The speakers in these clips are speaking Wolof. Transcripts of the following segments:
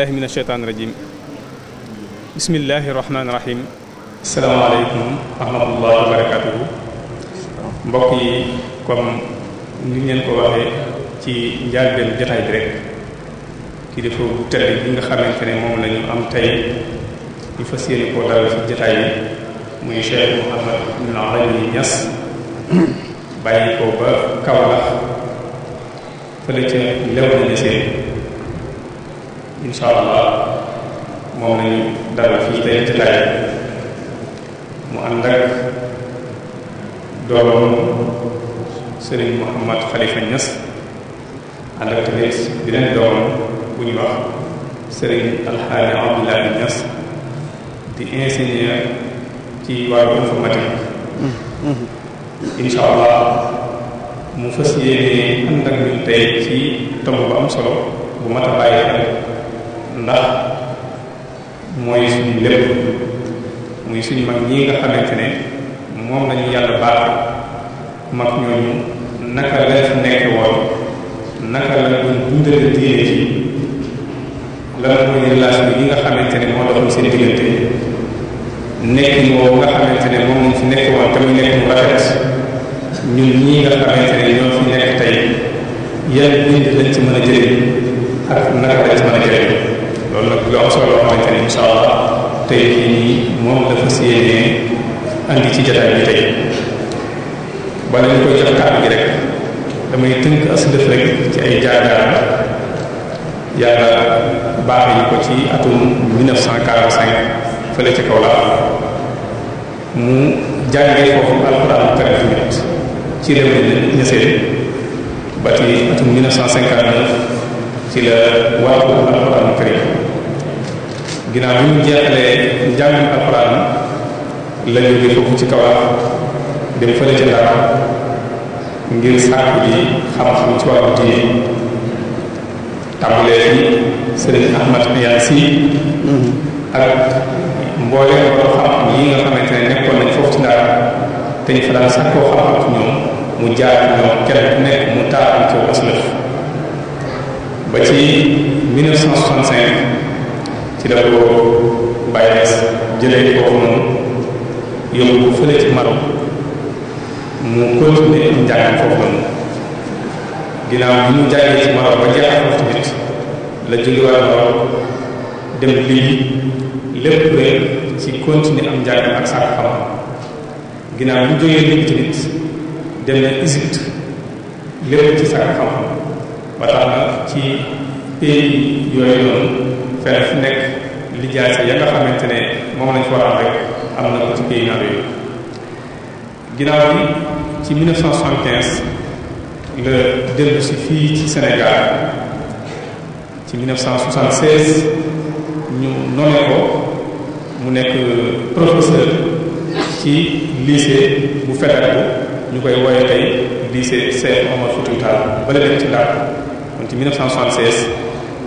billahi min asheytaan rajim rahmatullahi wa barakatuhu mbokk yi comme ni ngeen ko waxee ci njàlbeen jotaay bi rek ki dafa tëdd bi nga xamante ne moom la am tey ñu fas yéene koo dalal ci jotaay bi muy Cheikh Mouhamad ibn Arabi Niass bàyyi ko ba Kaolack fële ca lew na seen incha allah moom lañu dalal fii tey ci laaj mu ànd ak doomam Serigne Mouhamad Khalifa Niass ànd ak tamit beneen doomam bu ñu wax Serigne Alxaaji Abdoulaye Niass di ingénieur ci wàllu informatique mm-hmm. incha allah mu fas yéene ànd ak ñun tey ci tomb bu am solo bu mat a bàyyi ndax mooy suñu lépp muy suñu mag ñi nga xamante ne moom lañu yàlla baax mag ñooñu naka la nekk woon naka la doon dundale diine ci lan mooy relation yi nga xamante ne moo doxoon seen diggante nekkin woowu nga xamante ne moom lañ fi nekk woon tamit nekk mu rafet ñun ñii nga xamante ne ñoo fi nekk tey yan bind lañ ci mën a jëriñ ak naka lañ ci mën a jëriñ loolu nag lu am solo xamante ni incha allah tey jii nii moom la fas yéenee ci jotaay bi tey bala ñu koy jox kàddu gi rek damay tënk as lëf rek ci ay jaar-jaar yàlla baaxe ñu ko ci atum 1945 fële ca kaw la mu jàngee foofu alxuraan karim tamit ci réew mi ñeseen ba ci atum 1959 ci la wàllu alxuraan karim ginnaaw bi mu jeexalee njàngam alxuraan la jóge foofu ci kawar dem fële ca Ndar ngir sàkku ji xam-xam ci wàllu diine tàmbalee fi sëriñ Ahmad Yaan Si mm-hmm. ak mboole borom xam-xam yi nga xamante ne nekkoon nañ foofu ci Ndar te ñu fa daan sàkkoo xam-xam ñoom mu jaar ci ñoom kenn ku nekk mu taaral ci wàllu ba ci ci la ko Baye Niass jëlee ko moom yóbbu ko fële ci Maroc mu continuer njàngam foofu noonu ginnaaw bi mu jàngee ci Maroc ba jeexal ko tamit la jógewaat Maroc dem lii lépp rek ci continuer am njàngam ak sàkk xam ginnaaw bi jógee lii tamit dem na Égypte lépp ci sàkk xam ba tax na ci pays yooyu noonu fenn fu nekk lijaasa ya nga xamante ne moom lañ ko war am rek am na ko ci pays naa yooyu ginnaaw bi ci 1975 la fii ci Sénégal ci 1976 ñu nommé mu nekk professeur ci lycée bu Faidherbe ñu koy woowee tey lycée Cheikh Oumar Foutiyou Tall bala dem ci Ndar kon ci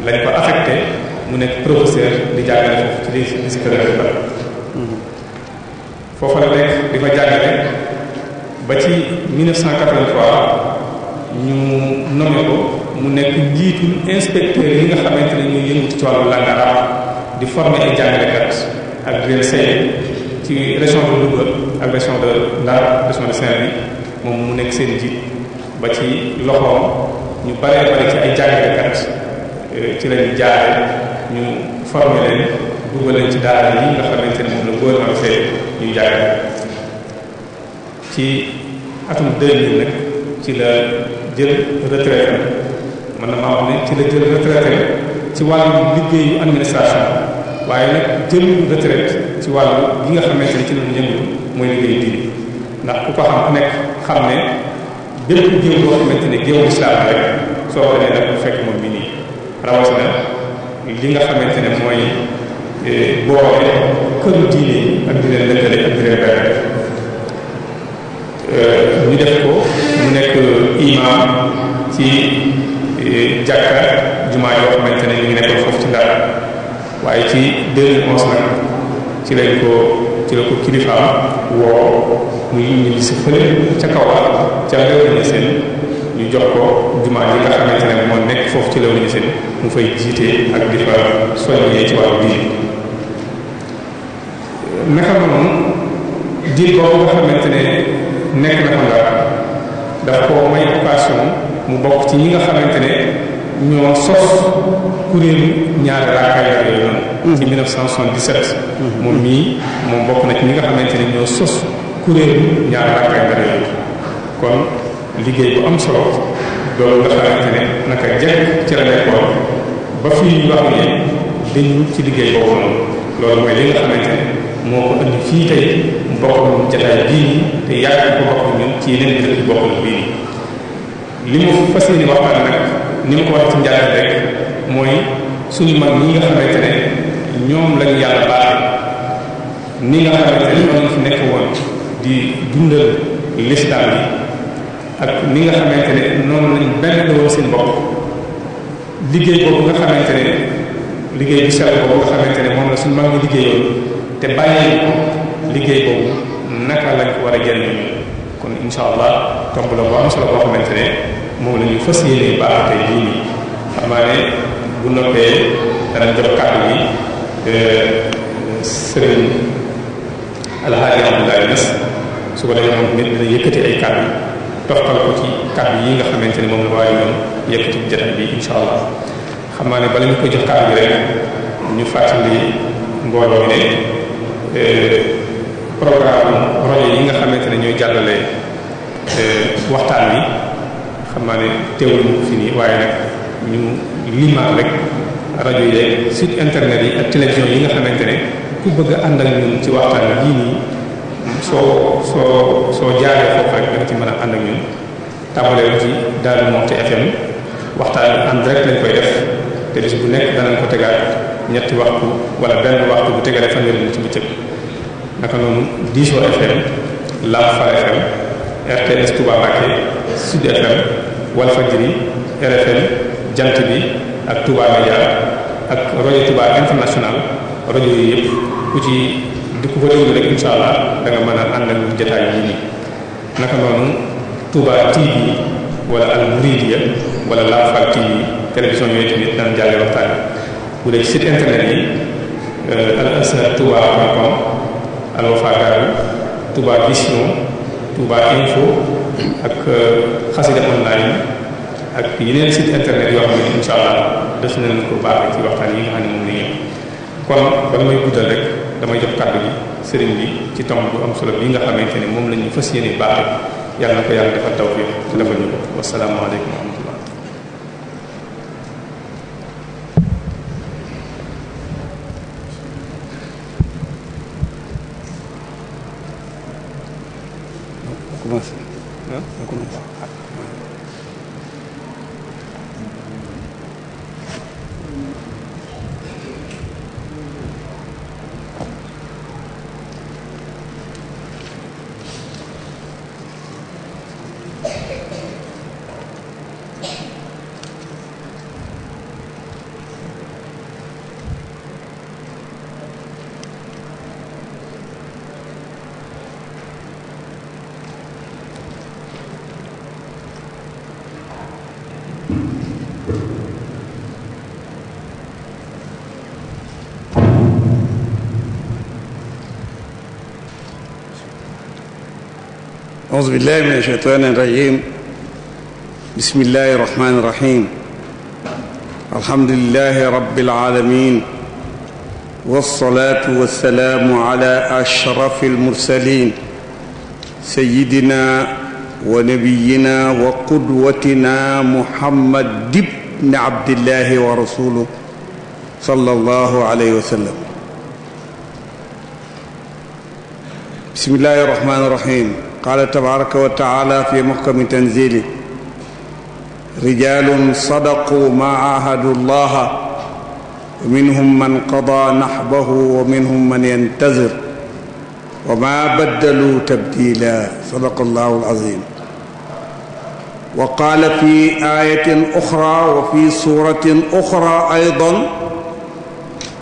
lañ ko affecté mu nekk professeur di jàngale foofu ci li lycée fédéral bu Ndar foofa la nekk di fa jàngale ba ci 1983 ñu nommé ko mu nekk njiitul inspecteur yi nga xamante ne ñuy yëngu ci wàllu langue arabe di former ay jàngalekat ak di leen ci région de ak région de Ndar région moom mu nekk seen njiit ba ci loxoom ñu baree bari ci ay jàngalekat euh, ci lañu jaare ñu formé leen dugal ci daara yi nga xamante ne moom la gouvernement fee ñu jàng ci atum 2000 nag ci la jël retraite mën na maa ne ci la jël retraite ci wàllu liggéeyu administration waaye nag jël retraite ci wàllu gi nga xamante ne ci lañu yëngu mooy liggéeyu diine ndax ku ko xam ku nekk xam ne bépp géew boo xamante ne géewu islam rek soo ko demee nag fekk moom bi nii rawatina li nga xamante ne mooy eh, boole këru diine ak di leen lëkkale ak di leen beral eh, ñu def ko mu nekk imam ci eh, jàkka jumaa yoo xamante ne ñu ngi foofu ci Ndar waaye ci 2011 nag ci lañ ko ci la ko kilifaam woo muy ñu si fële ca kaw ca nga seen ñu jox ko jumaa ji nga xamante ne moom nekk foofu ci Léona Niassène mu fay jiite ak di fa soññee ci wàllu diine naka noonu diir boobu nga xamante ne nekk na fa Ndar daf koo may occasion mu bokk ci ñi nga xamante ne ñoo sos kuréelu ñaari raakaay yàlla yooyu mm-hmm. mm-hmm. na ci ñi nga xamante ne ñoo kon liggéey bu am solo loolu nga xamante ne naka jekk ci la ba fii wax ne dañu ci liggéey boobu noonu loolu mooy li nga xamante ne moo ko indi fii tey bokkul jataay bii nii te yàgg ko bokk ci yeneen dëkk yi bokkul bii li mu fas yéene waxtaan nag ni ma ko wax ci njàll rek mooy suñu mag ñi nga xamante ne ñoom lañu yàlla baax ni nga xamante ne ñoom fi nekk woon di dundal l'islam bi ak ni nga xamante ne noonu lañ benn woo seen bopp liggéey boobu nga xamante ne liggéey bu sell boobu nga xamante ne moom la suñu mag ñi liggéeyoon te liggéey boobu naka lañ war a jëriñoo kon insha allah tomb xamante ne moom la ñu fas yéene baaxate jii xam naa ne bu noppee danañ jox kàddu bi euh, sëriñ alhaaji abdoulaye nas su ko defee moom nit yëkkati ay kàddu toftal ko ci kàddu yi nga xamante ne moom la waaye doon yëkkati jotaay bi incha allah xamaa ne bala ñu ko jox kàddu bi rek ñu fàttali mbooloo mi ne euh, programme rajo yi nga xamante ne ñooy jàllale euh, waxtaan bi xam naa ne teewlu fi nii waaye nag ñu limaat rek rajo yi site internet yi ak télévision yi nga xamante ne ku bëgg a àndal ñun ci waxtaan bii nii. soo soo soo jaaree foofu rek danga ci mën a ànd ak ñun tàmbalee ci Darou Moukhty FM waxtaan en direct lañ koy def te bis bu nekk danañ ko tegaat ñetti waxtu wala benn waxtu bu tegalee fanweeri nit ci bëccëg naka noonu Diso FM Lamfar FM RTS Touba Mbacké Sud FM Walfadjri RFM Jant bi ak Touba Média ak rajo Touba International rajo yi yëpp ku ci. di ku ko déglu rek incha allah da nga mën a àndal jotaay yi nii naka noonu Touba TV wala Al Mouridiya wala Lamfal TV yooyu tamit daan jàllee waxtaan bu dee ci internet yi euh, al azhar touba point com Al Wafa Daaru Vision Touba Info ak euh, xasida online ak yeneen site internet yoo xam ne incha allah def nañ ko baax ci waxtaan yi nga xam ne moom la ñu kon bala may guddal rek. damay jox kàddu bi sëriñ bi ci tomb bu am solo bi nga xamante ne moom la ñu fas yéene baaxee yàlla na ko yàlla defal tawfiq te defal ñu ko wasalaamaaleykum أعوذ بالله من الشيطان الرجيم بسم الله الرحمن الرحيم الحمد لله رب العالمين والصلاة والسلام على أشرف المرسلين سيدنا ونبينا وقدوتنا محمد بن عبد الله ورسوله صلى الله عليه وسلم بسم الله الرحمن الرحيم qaala tabaaraka wa taala fi muhkami tanzili rijalun sadaqu maa ahadu llaha wa minhum man qadaa nahbahu wa minhum man yantazir wa maa baddalu tabdila sadaqa allahu alazim wa qaala fi ayatin uxra wa fi suratin uxra aydan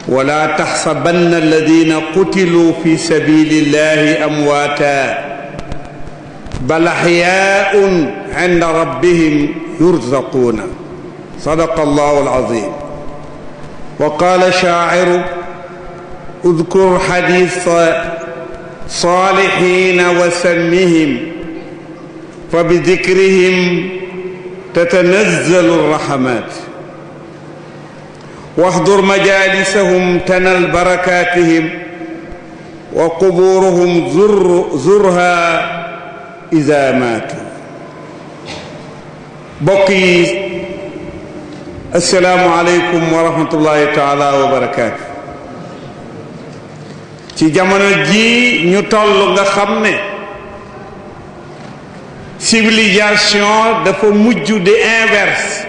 wala taxsabanna alladina qutiluu fi sabilillahi amwaata bal axyaaun inda rabbihim yurzaquuna sadaqa allahu alazim wa qaala shaaciru udkur xadiisa saalixiina wa sammihim fa bidikrihim tatanazzalu raxamaat waxdur majalisahum tanal barakaatihim wa qubuuruhum zurha iza maatu bokk yi asalaamu aleykum wa rahmatullahi wa barakaatu ci jamono ji ñu toll nga xam ne civilisation dafa mujj de inverse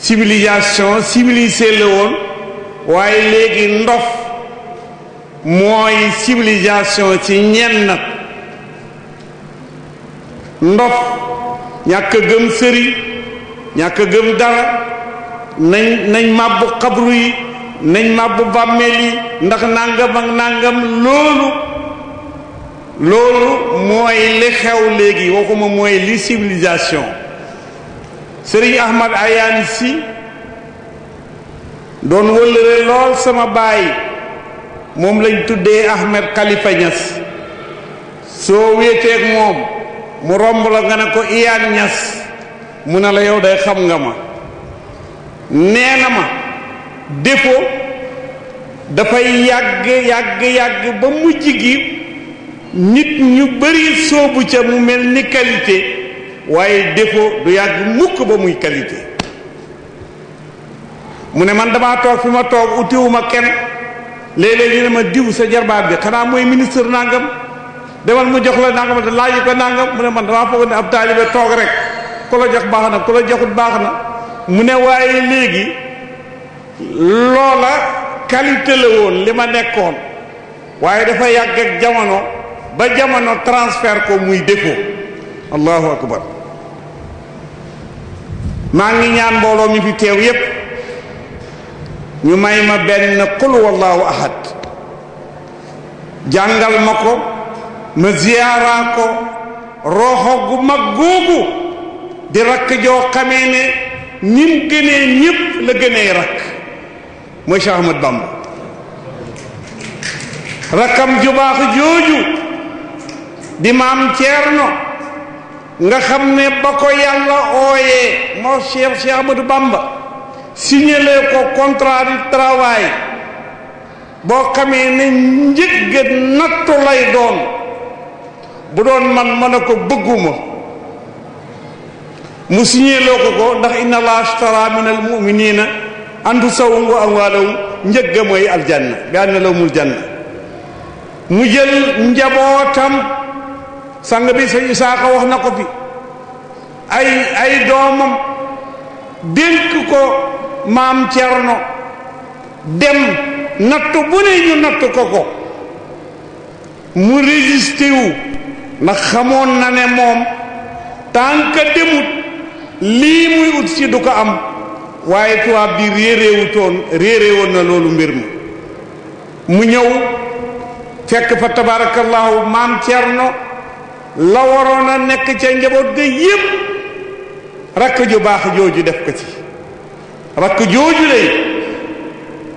civilisation civilisé la woon waaye léegi ndof mooy civilisation ci ñenn ndof ñàkk a gëm sëriñ ñàkk gëm dara nañ nañ màbbu xabru yi nañ màbbu bàmmeel yi ndax nangam ak nangam loolu loolu mooy li xew léegi waxuma mooy li civilisation sëriñ Ahmad Ayaan si doon wëllëre lool sama baay moom lañ tuddee Ahmed Khalifa Niass soo wéeteeg moom mu romb la nga ne ko iyaan ñas mu ne la yow day xam nga ma nee na ma dépôt dafay yàgg yàgg yàgg ba mujj gi nit ñu bari soobu ca mu mel ni qualité waaye dépôt du yàgg mukk ba muy qualité mu ne man damaa toog fi ma toog utiwuma kenn léeg-léeg ñu ne ma diw sa jarbaat bi xanaa mooy ministre nangam demal mu jox la nangam te laaj ko nangam mu ne man damaa foog ne ab taalibe toog rek ku la jox baax na ku la joxut baax na mu ne waaye léegi loola qualité la woon li ma nekkoon waaye dafa yàgg ak jamono ba jamono transfert ko muy défaut allahu akbar maa ngi ñaan mbooloo mi fi teew yépp ñu may ma benn qul wallahu ahad jàngal ma ko ma ziyaaraa ko roxo gu mag googu di rakk joo xamee ne ñim gënee ñëpp la gënee rakk mooy Cheikh Ahmad Bamba rakkam ju baax jooju di maam Ceerno nga xam ne ba ko yàlla ooyee moo Cheikh Cheikh Ahmadou Bamba ko contrat de travail boo xamee ne njëgg nattu lay doon bu doon man ma ne ko bëgguma mu siñeeloo ko ko ndax inna allah ashtara min al muminina anfusahum wa amwaalahum njëgga mooy aljanna bi anna lahumul janna mu jël njabootam sang bi sëñ Isaaka wax na ko fi ay ay doomam dénk ko maam Cerno dem natt bu ne ñu natt ko ko mu régisté ndax xamoon na ne moom tant que demut lii muy ut si du ko am waaye tubaab bi réeréewutoon réeréewoon na loolu mbir mi mu ñëw fekk fa tabarakallahu maam Cerno la waroon a nekk ca njaboot ga yépp rakk ju baax jooju def ko ci rakk jooju lay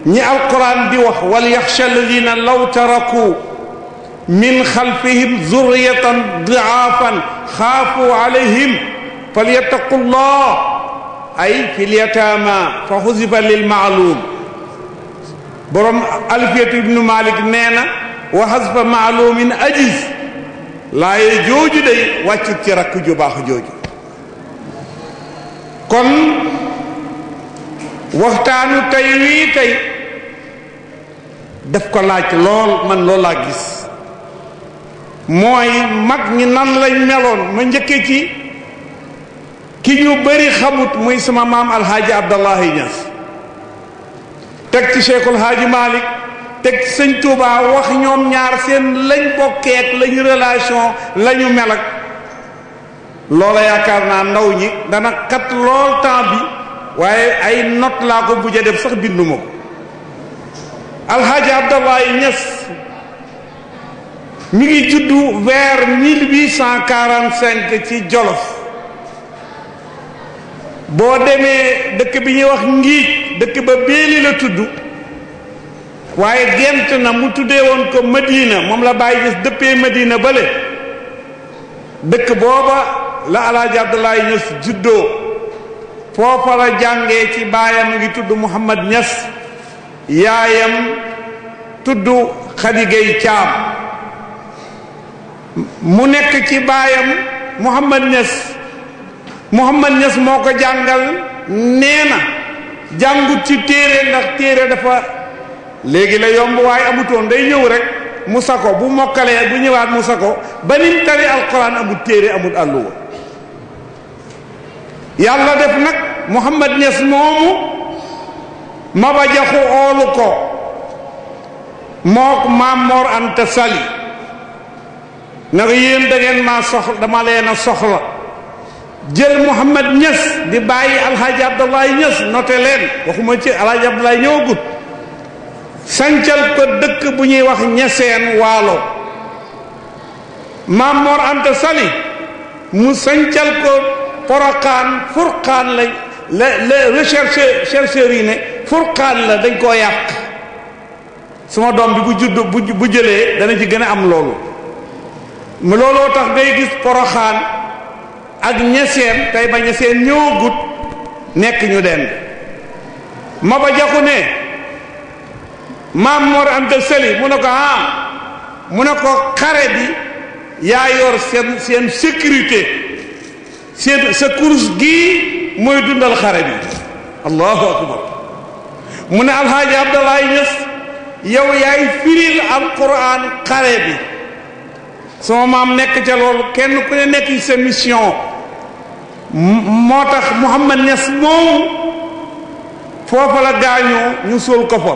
ñi alquran di wax wal yaxsha alladina law taraku min xalfihim zurriyatan diaafan xaafu alayhim falyattaqullah ay fil yataama fa xusifa lil maaluum borom alfiyat ibnu malik nee na wa xasfa maaluumin ajis laaye jooju day wàccut ci rakk ju baax jooju kon waxtaanu tey wii tey daf ko laaj lool man loolaa gis mooy mag ñi nan lañ meloon ma njëkke ci ki ñu bari xamut muy sama maam alhaaji abdallahi Niass teg ci cheikhul haaji malik teg ci sëñ Touba wax ñoom ñaar seen lañ bokkee lañu relation lañu melak ak loola yaakaar naa ndaw ñi dana kat lool temps bi waaye ay not laa ko bujja def sax binduma ko alhaaji abdallahi Niass mi ngi juddu vers 1845 ci Jolof boo demee dëkk bi ñuy wax ngiij dëkk ba béeli la tudd waaye gent na mu tuddee woon ko Madina moom la bàyyi gis dëppee Madina bale dëkk booba la alaaji Abdoulaye Niass juddoo foofa la jàngee ci baayam ngi tudd Mouhamad Niass yaayam tudd Khady Gaye mu nekk ci baayam Mouhamad Niass Mouhamad Niass moo ko jàngal nee na jàngut ci téere ndax téere dafa léegi la yomb waaye amutoon day ñëw rek mu sako bu mokkalee bu ñëwaat musako sako ba nim tari alquran amut téere amut àlluwa yàlla def nag Mouhamad Niass moomu maba jaxu oolu ko mook maam Mor Anta Sali ne ko yéen da ngeen maa soxla dama leen a soxla jël Mouhamed Niass di bàyyi alhaaji Abdoulaye Niass noté waxuma ci alhaaji Abdoulaye ñëwagut sancal ko dëkk bu ñuy wax ñeseen waalo maam Mor Sali mu sancal ko porokaan furqaan lañ la la recherche chercheurs yi ne furqaan la dañ koo yàq suma doom bi bu judd bu jëlee dana ci gën a am loolu mu looloo tax ngay gis poroxaan ak ñeseen tey ba ñeseen ñëwagut nekk ñu dend ma ba jaxu ne maam Mor Anta Sali mu ne ko ah xare bi yaa yor seen seen sécurité seen sa course gii mooy dundal xare bi allahu akbar mu ne alhaaji Abdoulaye Niass yow yaay firil alquran xare bi sama maam nekk ca loolu kenn ku ne nekk ci sa mission moo tax Mouhamad Niass moomu foofa la gaañoo ñu suul ko fa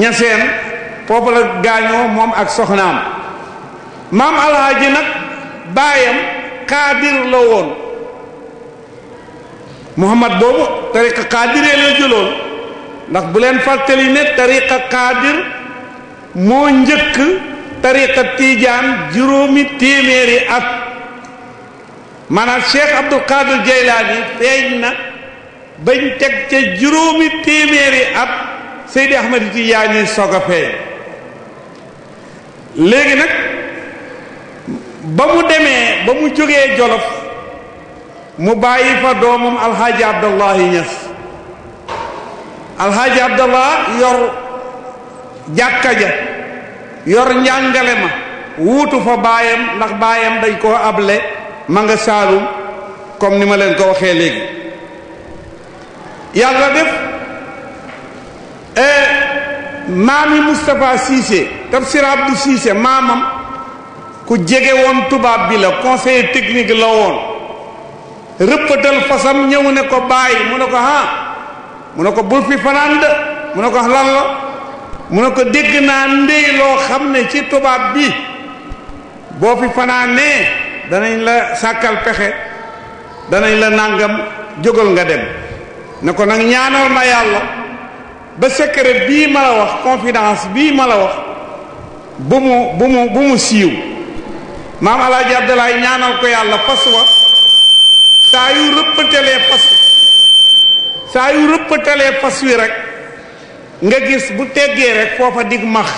ñaseen foofa la gaañoo moom ak soxnaam maam alhaaji nag baayam xaadir la woon Mouhamad boobu tariqa xaadiree la jëloon ndax bu leen fàttali ne tariqa xaadir moo njëkk tariqa tiijaan juróomi téeméeri at maanaam cheikh abdul qadir jaylaani feeñ na bañ teg ca juróomi téeméeri at seydi ahmadi tijaani soog a feeñ léegi nag ba mu demee ba mu jógee jolof mu bàyyi fa doomam alxaaji abdallahi ñas alxaaji abdallah yor jàkka ja yor njàngale ma wuutu fa baayam ndax baayam dañ koo able ma nga saalum comme ni ma leen ko waxee léegi yàlla def eh, maami Moustapha Cissé Tafsir Abdou Cissé maamam ku jege woon tubaab bi la conseiller technique la woon rëppatal fasam ñëw ne ko bàyyi mu ne ko ah mu ne ko bul fi fanaan de mu ne ko ah, lan mu ne ko dégg naa ndey loo xam ne ci tubaab bi boo fi fanaanee danañ la sàkkal pexe danañ la nàngam jógal nga dem ne ko nag ñaanal ma yàlla ba secret bii ma la wax confidence bii ma la wax bu mu bu mu bu mu siiw maam alaaji Abdalaay ñaanal ko yàlla fas wa saa yu rëppatalee fas saa yu rëppatalee fas wi rek nga gis bu teggee rek foofa dig max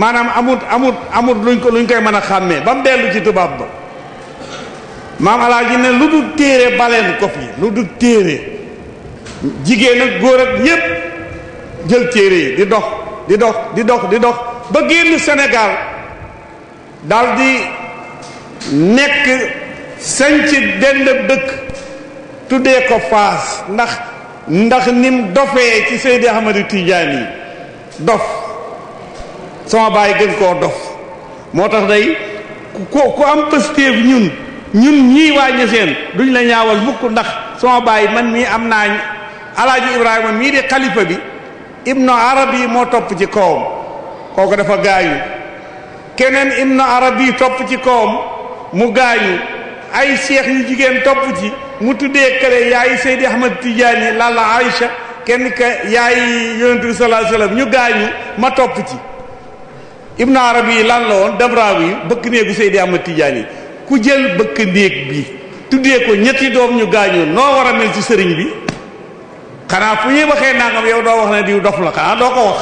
maanaam amut amut amut luñ ko luñ koy mën a xàmmee ba mu dellu ci tubaab ba maam alaaji ne lu dul téere baleen ko fi lu dul téere jigéen ak góor ak ñépp jël téere yi di dox di dox di dox di dox ba génn senegal daal di nekk sañc dend dëkk tuddee ko Faas ndax ndax nim dofee ci Seydi Ahmadu Tijaani dof sama baay gën koo dof moo tax day ku ku am pëstéef ñun ñun ñii waa ñeseen duñ la ñaawal mukk ndax sama baay man mii am naa alaaji Ibrahima mii di xalifa bi ibnu yi moo topp ci kawam kooku dafa gaañu keneen ibnu yi topp ci kawam mu gaañu ay cheikh yu jigéen topp ci mu tuddee kële yaay Seydi Ahmad Tidiane lalla Aïcha kenn ka yaay yonent bi sallallahu alayhi wasallam ñu gaañu ma topp ci Ibn Arabi lan la woon dabraw yi bëkk néegu Seydi Ahmad Tidiane ku jël bëkk néeg bi tuddee ko ñetti doom ñu gaañu noo war a mel ci sëriñ bi xanaa fu ñuy waxee nangam yow doo wax na diw dof la xanaa doo ko wax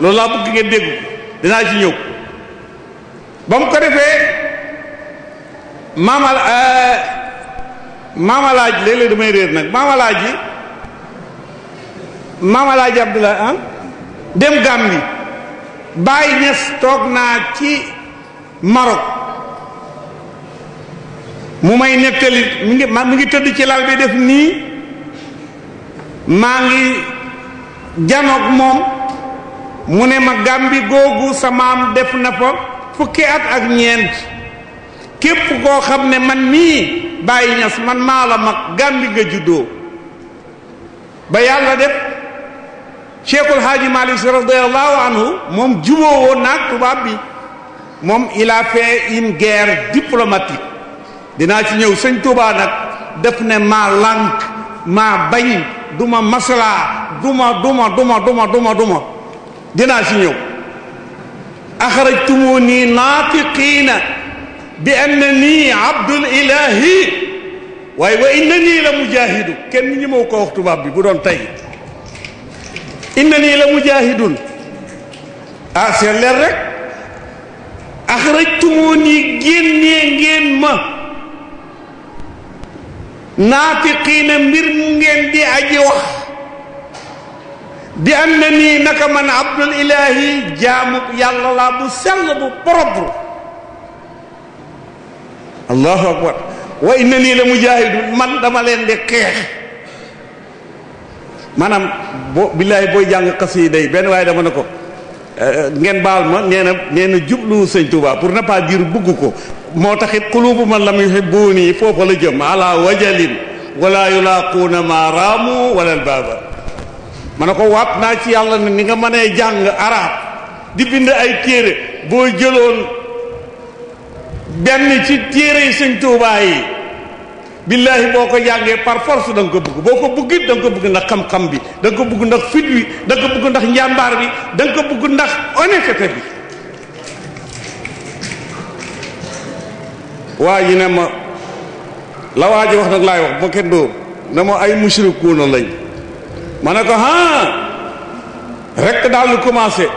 loolu laa bëgg ngeen dégg ko dinaa ci ñëw ba mu ko defee maama euh, maamalaaj léeg-léeg damay réer nag maamalaaj yi maamalaaj Abdoulaye ah, dem Gambie Baye Niass toog naa ci Maroc mu may nettali mi ngi mi ngi tëdd ci lal bi def nii maa ngi janoog moom mu ne ma gàmbi googu sa maam def na fa fukki at ak ñeent képp koo xam ne man mii bàyyi ñas man maa la mag gàmbi nga juddoo ba yàlla def cheikhul haaji malik si radiallahu anhu moom juboo woon naag tubaab bi moom il a fait une guerre dinaa ci ñëw sëñ Tuubaa nag def ne maa lànk maa bañ duma masalaa duma duma duma duma duma dinaa ci ñëw axrajtumu nii naafiqiina bi annani abdul waaye wa innani la mujahidu kenn ñi moo ko wax tubaab bi bu doon tey innani la mujahidun ah c'est leer rek axrajtumuni génnee ngeen ma naafiqiina mbir ngeen di aji wax bi annani naka man jaamu yàlla laa bu sell bu propre allahu akbar wa inna nii la mujaahidu man dama leen de xeex maanaam boo billaay booy jàng xasida yi benn waaye dama ne ko eh, ngeen baal ma nee na nee na jublu sëñ Touba pour ne pas dire bugg ko moo taxit xulubu man lam yuhibbuuni foofa la jëm ala wajalin wala yulaaquuna ma raamu wala albaaba ma ne ko waat naa ci yàlla ne ni nga mënee jàng arab di bind ay téere boo jëloon benn ci téere yi sëñ Tuubaa yi billaahi boo ko jàngee par force da ko bëgg boo ko bëggit da ko bëgg ndax xam-xam bi da ko bëgg ndax fit wi da nga ko bëgg ndax njàmbaar bi da ko bëgg ndax honnêteté bi waa ji ne ma la waa ji wax nag laay wax ba kenn dóor ne ma ay mushrikuuna lañ ma ne ko ah rek daal lu commencé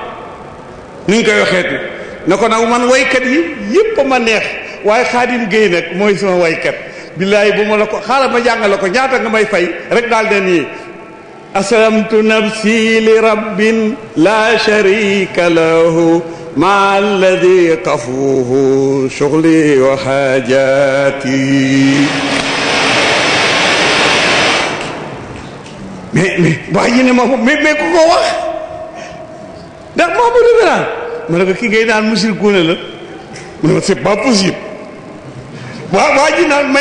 ni ñu koy waxeeti ne na nag man waykat yi yëpp ma neex waaye xaadim géey nag mooy sama waykat billaay bu ma la ko xaaral ma jàngale ko ñaata nga may fay rek daal den yi nafsi li rabbin la sharika lahu ma alladi qafuhu shughli wa hajati mais mais waa ma ne ko ki ngay naan musirkuuna la mu ne ma c'est pas possible waa ji naan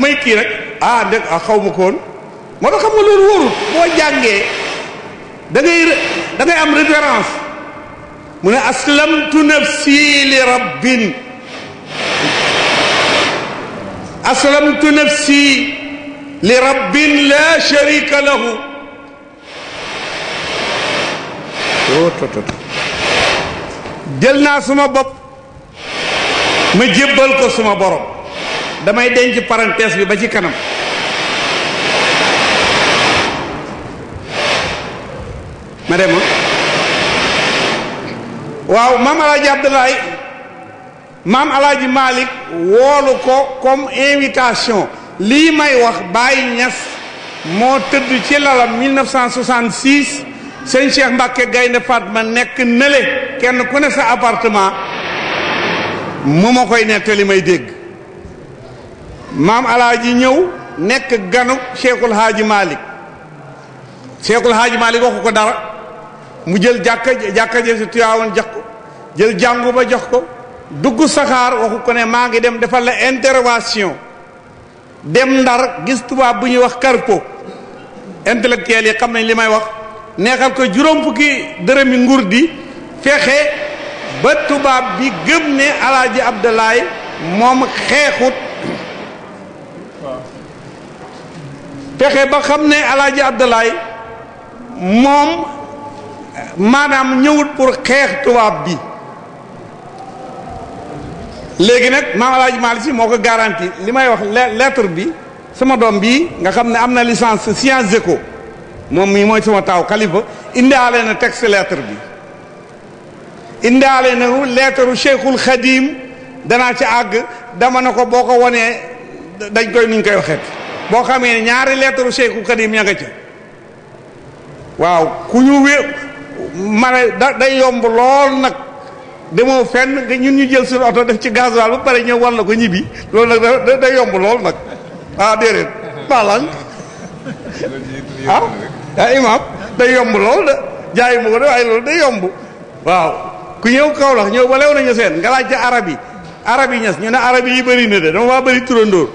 may kii rek ah ndeg ah xaw ma koon moo tax xam nga loolu wóorul boo jàngee am référence mu ne aslamtu nafsi li rabbin aslamtu nafsi la sharika lahu oh, jël naa suma bopp ma jébbal ko suma borom damay denc parenthèse bi ba ci kanam ma dem ah. waaw maam alaaji Abdoulaye maam alaaji Malick woolu ko comme invitation lii may wax Baye Niass moo tëdd ci lalam 1966 sëñ Cheikh Mbacke Gaynde Fatma nekk nële kenn ku ne sa appartement mu ma koy nettali may dégg maam alaaji ñëw nekk ganu Cheikhul Haaji malik Cheikhul Haaji Malick waxu ko dara mu jël jàkka jàkka ja jax ko jël jàngu ba jox ko dugg saxaar waxu ne maa ngi dem defal la intervention dem ndar gis tubaab bu ñuy wax Carpo intellectuel yi xam nañ li may wax neexal ko juróom fukki dërëmi nguur di fexe ba tubaab bi gëm ne alaaji Abdoulaye moom xeexut fexe ba xam ne alaaji Abdoulaye moom maanaam ñëwut pour xeex tubaab bi léegi nag maam alaaji Maalik Si moo ko garanti li may wax lettre bi sama doom bi nga xam ne am na licence sciences ko moom mii mooy sama taaw xalifa indaale na texte lettre bi indaale na lettre cheikhul xadim danaa ci àgg dama na ko boo ko wonee dañ koy nuñ koy waxeet boo xamee ñaari lettre cheikhul xadim ña nga ca waaw ku ñu wé mane da day yomb lool nag demoo fenn nga ñun ñu jël suñu oto def ci gasoil pare ñëw war la ko ñibbi loolu yomb lool nag ah déedéet baalan ah a ah, imaam day yomb lool de jaay ma ko de waaye loolu day yomb waaw ku ñëw Kaolack ñëw ba lew nañu seen nga laaj ca arab yi arab yi ñes ñu ne arab yi bëri na de dama ba bëri turandóor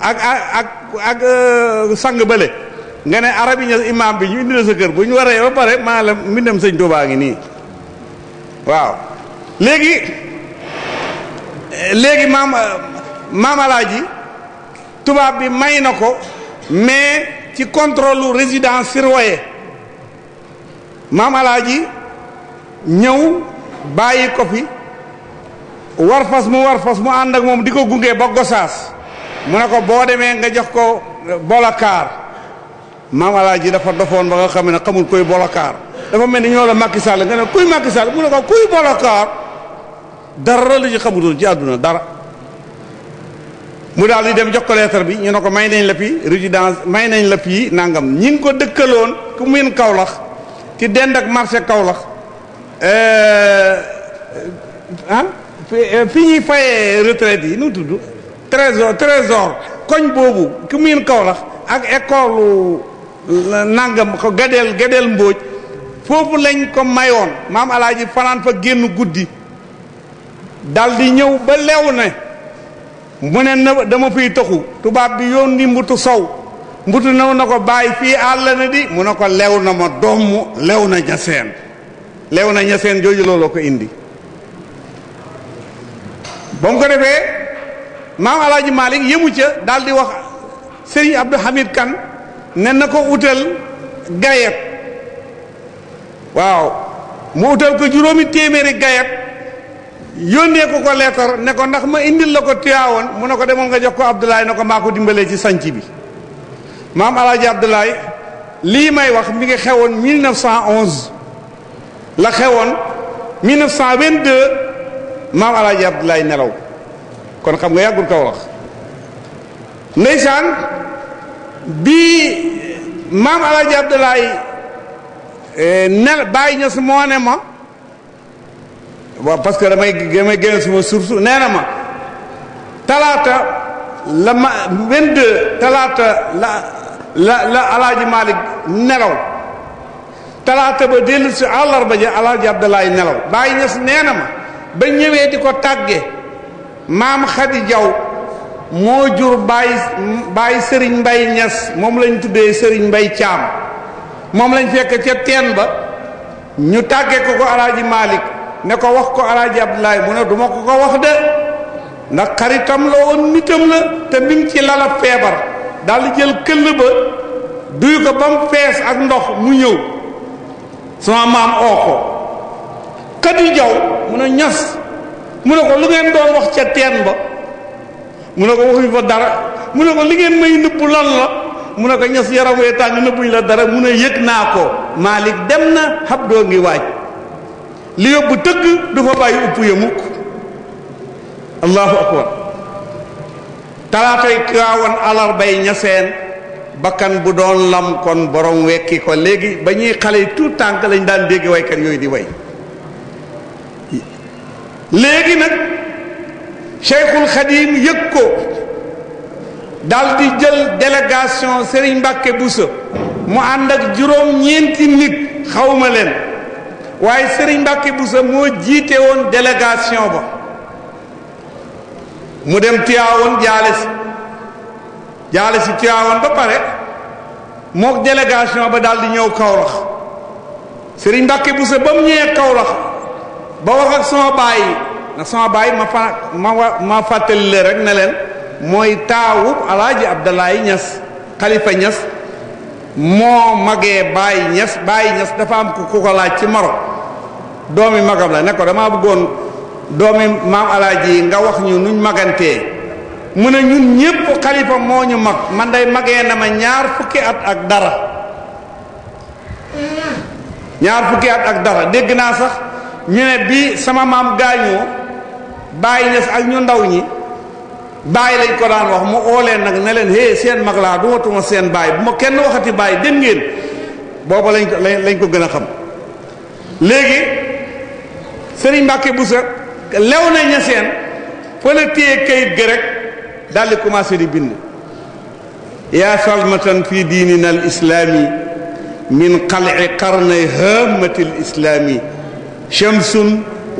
ak ak ak euh, sang bële nga ne arab yi ñes imaam bi ñu indi na bu ñu waree ba pare maa la mbindam sëñ Tuubaa ngi nii waaw léegi léegi maam maamalaaji tubaab bi may na ko ci contrôle résidence surveillée maam alaaji ñëw bàyyi ko fi war fas mu war fas mu ànd moom di ko gunge ba gosaas mu ne ko boo demee nga jox ko euh, bolakaar maam alaaji dafa dofoon ba nga xam ne xamul koy bolakaar dafa mel ni ñoo la Macky nga ne kuy Macky Sall mu ne ko kuy bolakaar dara la ñu xamutoon ci àdduna dara mu daal di dem jox ko leetar bi ñu ne ko may nañ la fi résidence may nañ la fii nangam ñi ngi ko dëkkaloon ku mën Kaolack ci dend ak marché Kaolack euh, ah euh, fi ñuy fayee retraite yi nu tudd trésor trésor koñ boobu ku mën Kaolack ak école nangam ko gadeel gadeel mbóoj foofu lañ ko mayoon maam alaaji fanaan fa génn guddi dal di ñëw ba lew ne mu ne na dama fiy toxu tubaab bi yoon yónni mbutu sow mbutu naw na ko bàyyi fii àll na di mu ne ko lew na ma domm lew na ñaseen lew na ñaseen jooju looloo ko indi ba mu ko defee maam alaaji Malick yëmu ca daal wax sëriñ Abdou Hamid Kan ne na ko utal gayet waaw mu utal ko juróomi téeméeri gayet yónnee ko ko leetar ne ko ndax ma indil la ko tuyaawoon mun ne ko demoon nga jox ko Abdoulaye ne ko maa ko dimbalee ci sanc bi maam alaaji Abdoulaye lii may wax mi ngi xewoon 1911 la xewoon 1922 maam alaaji Abdoulaye nelaw kon xam nga yàggul kaw wax ndeysaan bii maam alaaji Abdoulaye eh, nel bàyyi ña si moo ne ma waaw parce que damay damay génne suma source nee na ma talaata la ma 22 talaata la la alaaji Malick nelaw talaata ba dellu si àllarba ja alaaji Abdoulaye nelaw bàyyi ñes nee ma ba ñëwee di ko tàgge maam Khady Diaw moo jur Baye Baye Serigne Mbaye Niass moom lañ tuddee Serigne mbay Thiam moom lañ fekk ca teen ba ñu tàggee ko ko alaaji Malick ne ko wax ko alaaji Abdoulaye mu ne du ma ko ko wax de ndax xaritam la woon nitam la te mi ngi ci lala feebar daal di jël këll ba duy ko ba mu fees ak ndox mu ñëw sama maam oo ko kati jaw mu ne ñas mu ne ko lu ngeen doon wax ca teen ba mu ne ko waxuñ fa dara mu ne ko li ngeen may nëbbu lan la mu ne ko ñas yaram wee tàng nëbbuñ la dara mu ne yëg naa ko Malick dem na xab doo ngi waaj li yóbbu tëgg du fa bàyyi upp ya mukk allahu akbar talaatay Tiwaawan alarbay ñaseen bakkan bu doon lam kon borom wekki ko léegi ba ñuy xale yi tout tànk lañ daan dégg waykat yooyu di way léegi nag Cheikhul Khadim yëg ko daldi jël délégation Serigne Mbacke Bousso mu ànd ak juróom ñeenti nit xawma leen waaye Serigne Mbacke Bousso moo jiite woon délégation ba mu dem Tivaouane jaale si jaale si Tivaouane ba pare mook délégation ba daal di ñëw Kaolack Serigne bu Bousso ba mu ñëwee Kaolack ba wax ak sama baay yi sama baay ma fa ma ma fàttali leen rek ne mooy taawu Alaaji Abdalaay Ñas Xalifa Ñas moo magee Baye Niass Baye Niass dafa am ku ko laaj ci Maroc doomi magam la ne ko damaa bëggoon doomi maam alaaji nga wax ñu nuñ magantee mu ne ñun ñépp xalifa moo ñu mag man day magee na ma ñaar fukki at ak dara ñaar fukki at ak dara dégg naa sax ñu ne bi sama maam gaañoo bàyyi Niass ak ñu ndaw ñi bàyyi lañ ko daan wax mu oo leen nag ne leen seen mag laa du matuma seen baay bu ma kenn waxati baay dem ngeen booba lañ ko gën a xam léegi sëriñ Mbàkke Buso lew na ña seen fële téye kayit ga rek daal commencé di bind yaa salmatan fi diinina al min qal'i qarnay hammati al islaami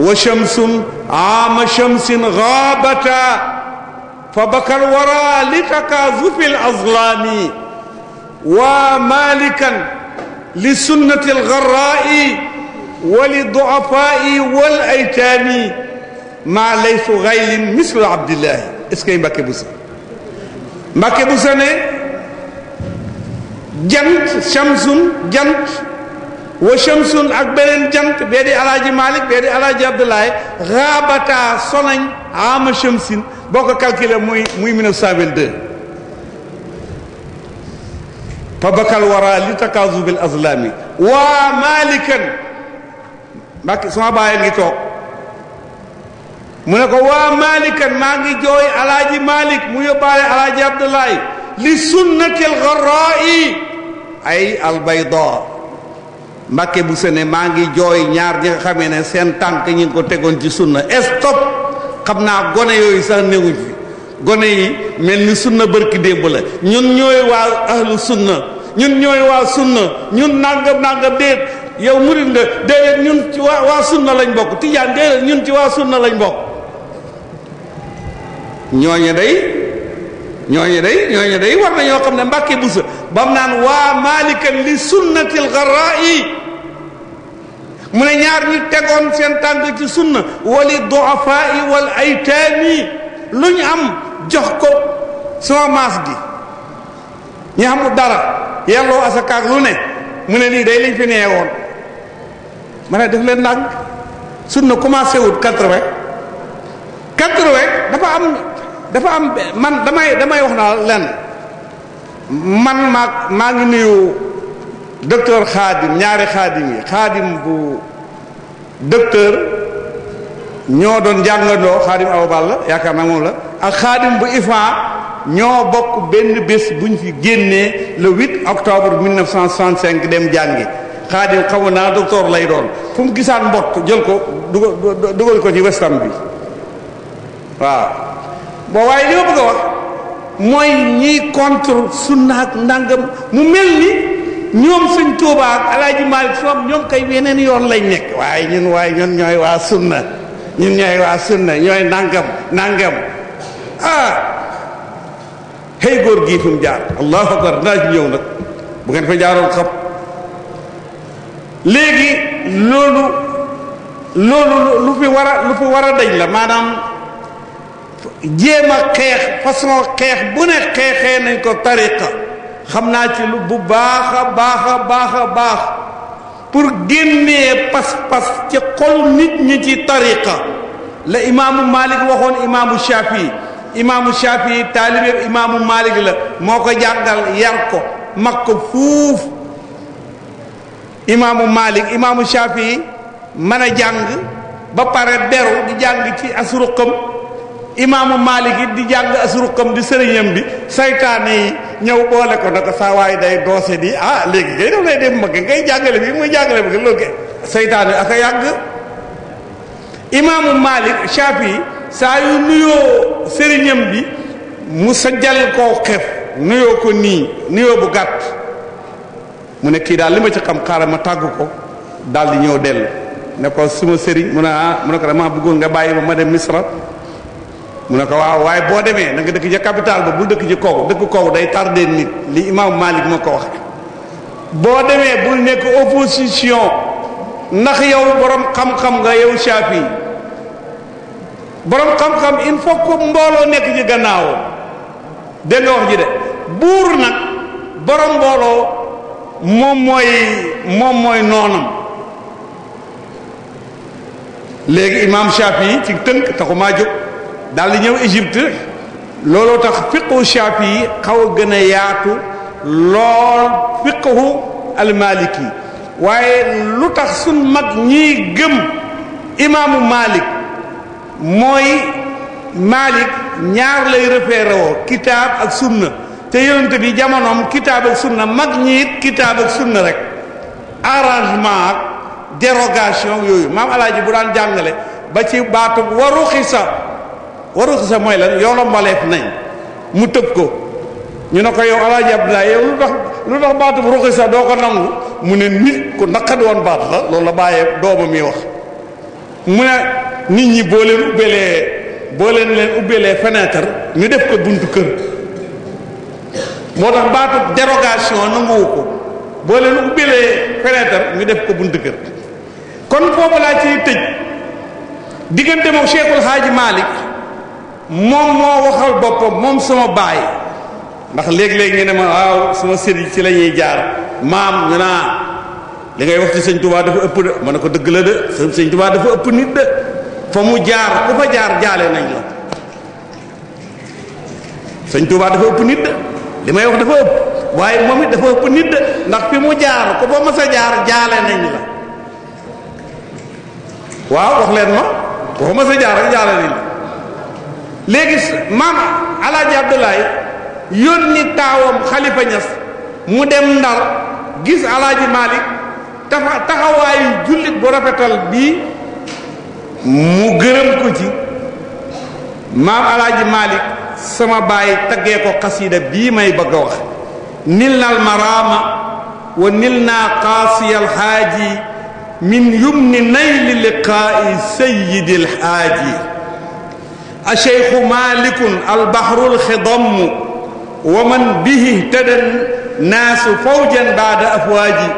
wa shamsun aama shamsin gaabata fa bakal wara li takaasufi azlaami waa maalikan li sunnati algarraai wa li duafaai wal aytaami maa laysu gaylin mislu abdillahi est-ce que Mbàkke Buso Mbàkke Buso ne jant shamsun jant wa shamsun ak beneen jant bee di alaaji malik bee di alaaji abdoulaye raabata sonañ ama shamsin boo ko calculé muy muy 1922 fa bakal wara li takazubil azlami waa malikan mbàkki sama bàyyi ngi toog mu ne ko waa malikan maa ngi jooy alaaji malik mu yóbbaale alaaji abdoulaye li sunnati algarrai ay albayda Mbàkke bu sene maa ngi jooy ñaar ñi nga xamee ne seen tànk ñi ngi ko tegoon ci sunna estop xam naa gone yooyu sax newuñ fi gone yi mel ni sunna bërki démb la ñun ñooy waa ahlu sunna ñun ñooy waa sunna ñun nàngam nàngam déet yow murit nga déedéet ñun ci waa sunna lañ bokk tijaan déedéet ñun ci waa sunna lañ bokk ñooñu day ñooñu day ñooñu day war na ñoo xam ne Mbàkke Buso bam naan waa malikan li sunnatil gharra'i mu ne ñaar ñu tegoon seen tànk ci sunna wali du'afaa'i wal aytaami lu ñu am jox ko sama maas gi ñu amul dara yelloo asakaak lu ne mu ne lii day liñ fi nee ma ne def leen ndànk sunna commencé wut quatre-vingt quatre-vingt dafa am dafa am man damay damay wax naa lenn man maa maa ngi nuyu docteur xaadim ñaari xaadim yi xaadim bu docteur ñoo doon jàngandoo xaadim awa balla yaakaar naa moom la ak xaadim bu ifa ñoo bokk benn bés bu ñu fi génnee le 8 octobre 1965 dem jàngi xaadim xamu naa docteur lay doon fu mu gisaan mbott jël ko dugal ko ci westam bi waaw boo waaye li ma bëgg wax mooy ñiy contre sunna ak mu mel ni ñoom sëñ Tuuba ak alaaji Maalik soom ñoom kay yeneen yoon lay nekk waaye ñun waaye ñun ñooy waa sunna ñun ñooy waa sunna ñooy ndàngam ah, góor gii jaar allahu akbar naa ci ñëw nag bu ngeen fa jaaroon xam léegi loolu loolu lu fi war a lu fi war a la maanaam jéem a xeex façon xeex bu ne xeexee nañ ko tariqa xam naa ci lu bu baax a baax a baax a baax pour génnee pas-pas ci xol nit ñi ci tariqa la imaamu Malik waxoon imaamu Shafii imaamu Shafii taalibe imaamu Malik la moo ko jàngal yar ko mag ko fuuf imaamu Malik imaamu Shafii mën a jàng ba pare beru di jàng ci asruqam imaamu Malik it di jàng asruqam di sëriñam bi saytaane yi ñëw boole ko naka saa waay day doose di ah léegi ngay def lay dem mbagg ngay jàngale bi muy jàngale bi a yàgg imaamu Malik bi mu sa jal koo xef nuyoo ko nii nuyoo bu gàtt mu ne daal li ma ci xam xaaral ma tàggu ko daal di ñëw dell ne ko suma sëriñ mu ne ah mu ne ko dama bëggoon nga bàyyi ma ma dem Misra mu ne ko waaw waaye boo demee na nga dëkk ca capital ba bul dëkk ci kaw dëkk kaw day tardé nit li imam Malik ma ko wax boo demee bul nekk opposition ndax yow borom xam-xam nga yow Shafi borom xam-xam il faut que mbooloo nekk ci gannaaw dégg nga wax ji de buur nag borom mbooloo moom mooy moom mooy noonam léegi imam Shafi ci tënk taxu maa jóg dal di ñëw Égypte looloo tax fiqhu Shaafi yi xaw a gën a yaatu lool fiqhu yi waaye lu tax suñ mag ñiy gëm imaamu Malik mooy Malik ñaar lay référé woo kitaab ak sunna te yonent bi jamonoom kitaab ak sunna mag ñi it kitaab ak sunna rek arrangement ak dérogation yooyu maam alaaji bu daan jàngale ba ci baatu waru xisa waru xisa mooy lan yow la mbaleef nañ mu tëb ko ñu ne ko yow alaaji yow lu tax lu tax baatu bu ruxisa doo ko nangu mu ne nit ku naqadi woon baat la loolu la bàyyee doomam yi wax mu ne nit ñi boo leen ubbeelee boo leen leen ubbeelee fenêtre ñu def ko buntu kër moo tax baatu dérogation ñu def ko buntu kër kon foofu laa ciy tëj diggante moom Cheikhul Haaji Malick moom moo waxal boppam moom sama baay ndax léeg-léeg ngeen ne ma waaw sama sëriñ ci lañuy ñuy jaar maam ñu naa li ngay wax ci sëñ Tuubaa dafa ëpp de ma ne ko dëgg la de sëñ Tuubaa dafa ëpp nit de mu jaar jaar jaale nañ la sëñ Tuubaa dafa ëpp nit li may wax dafa ëpp waaye moom it dafa ëpp nit de ndax fi mu jaar ku fa mas jaar jaale nañ la waaw wax ma ku fa mas jaar rek jaale nañ la léegi maam alaaji Abdoulaye yónni taawam xalifa ñas mu dem ndar gis alaaji Malick tafa taxawaayu jullit bu rafetal bii mu gërëm ko ci maam alaaji Malick sama baay taggee ko xasiida bii may bëgg wax nil na almaraama wa nil naa qaasiya alxaaji min yumni nayli liqaa'i sayidi alxaaji asheyxu malikun albahrul xidammu wa man bihi tadan naasu fawjan baada afwaaji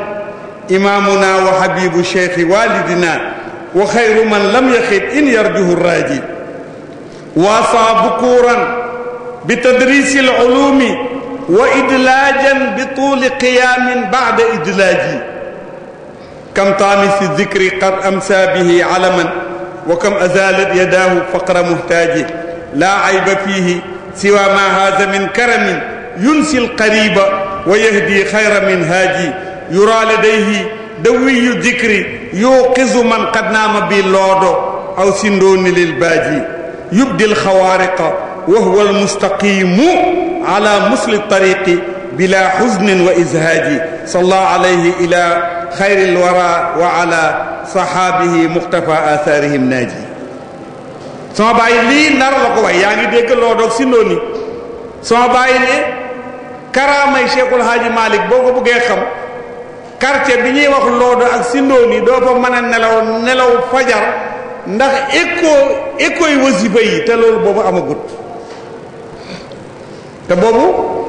imaamuna wa habibu sheikhi walidina wa xayru man lam yaxit in yarjuhu raaji waasaa bukuuran bi tadrisi alulumi wa idlaajan bi tuuli qiyaamin baada idlaaji kam taami si dikri qad amsa bihi alaman wa kam azalat yadaahu faqra muhtaaji laa ayba fiihi siwa ma haza min karamin yunsi alqariba wa yahdi xayra min haaji yura ladayhi dawiyu dikri yuqizu man qad naama bi loodo aw sindooni lilbaaji yubdi alxawaariqa wa huwa almustaqimu ala musli tariqi bila xusnin wa izhaaji salla alayhi ila xayril wara wa ala sahaabihi muxtafa athaarihim naaji sama bàyyi lii nar la ko way yaa ngi dégg loo doog si noonu sama bàyyi ne karaamay Cheikhul Haaji Malick boo ko bëggee xam quartier bi ñuy wax loodo ak sindooni doo fa mën a nelaw nelaw fajar ndax écho écho yi wasiba yi te loolu boobu amagut te boobu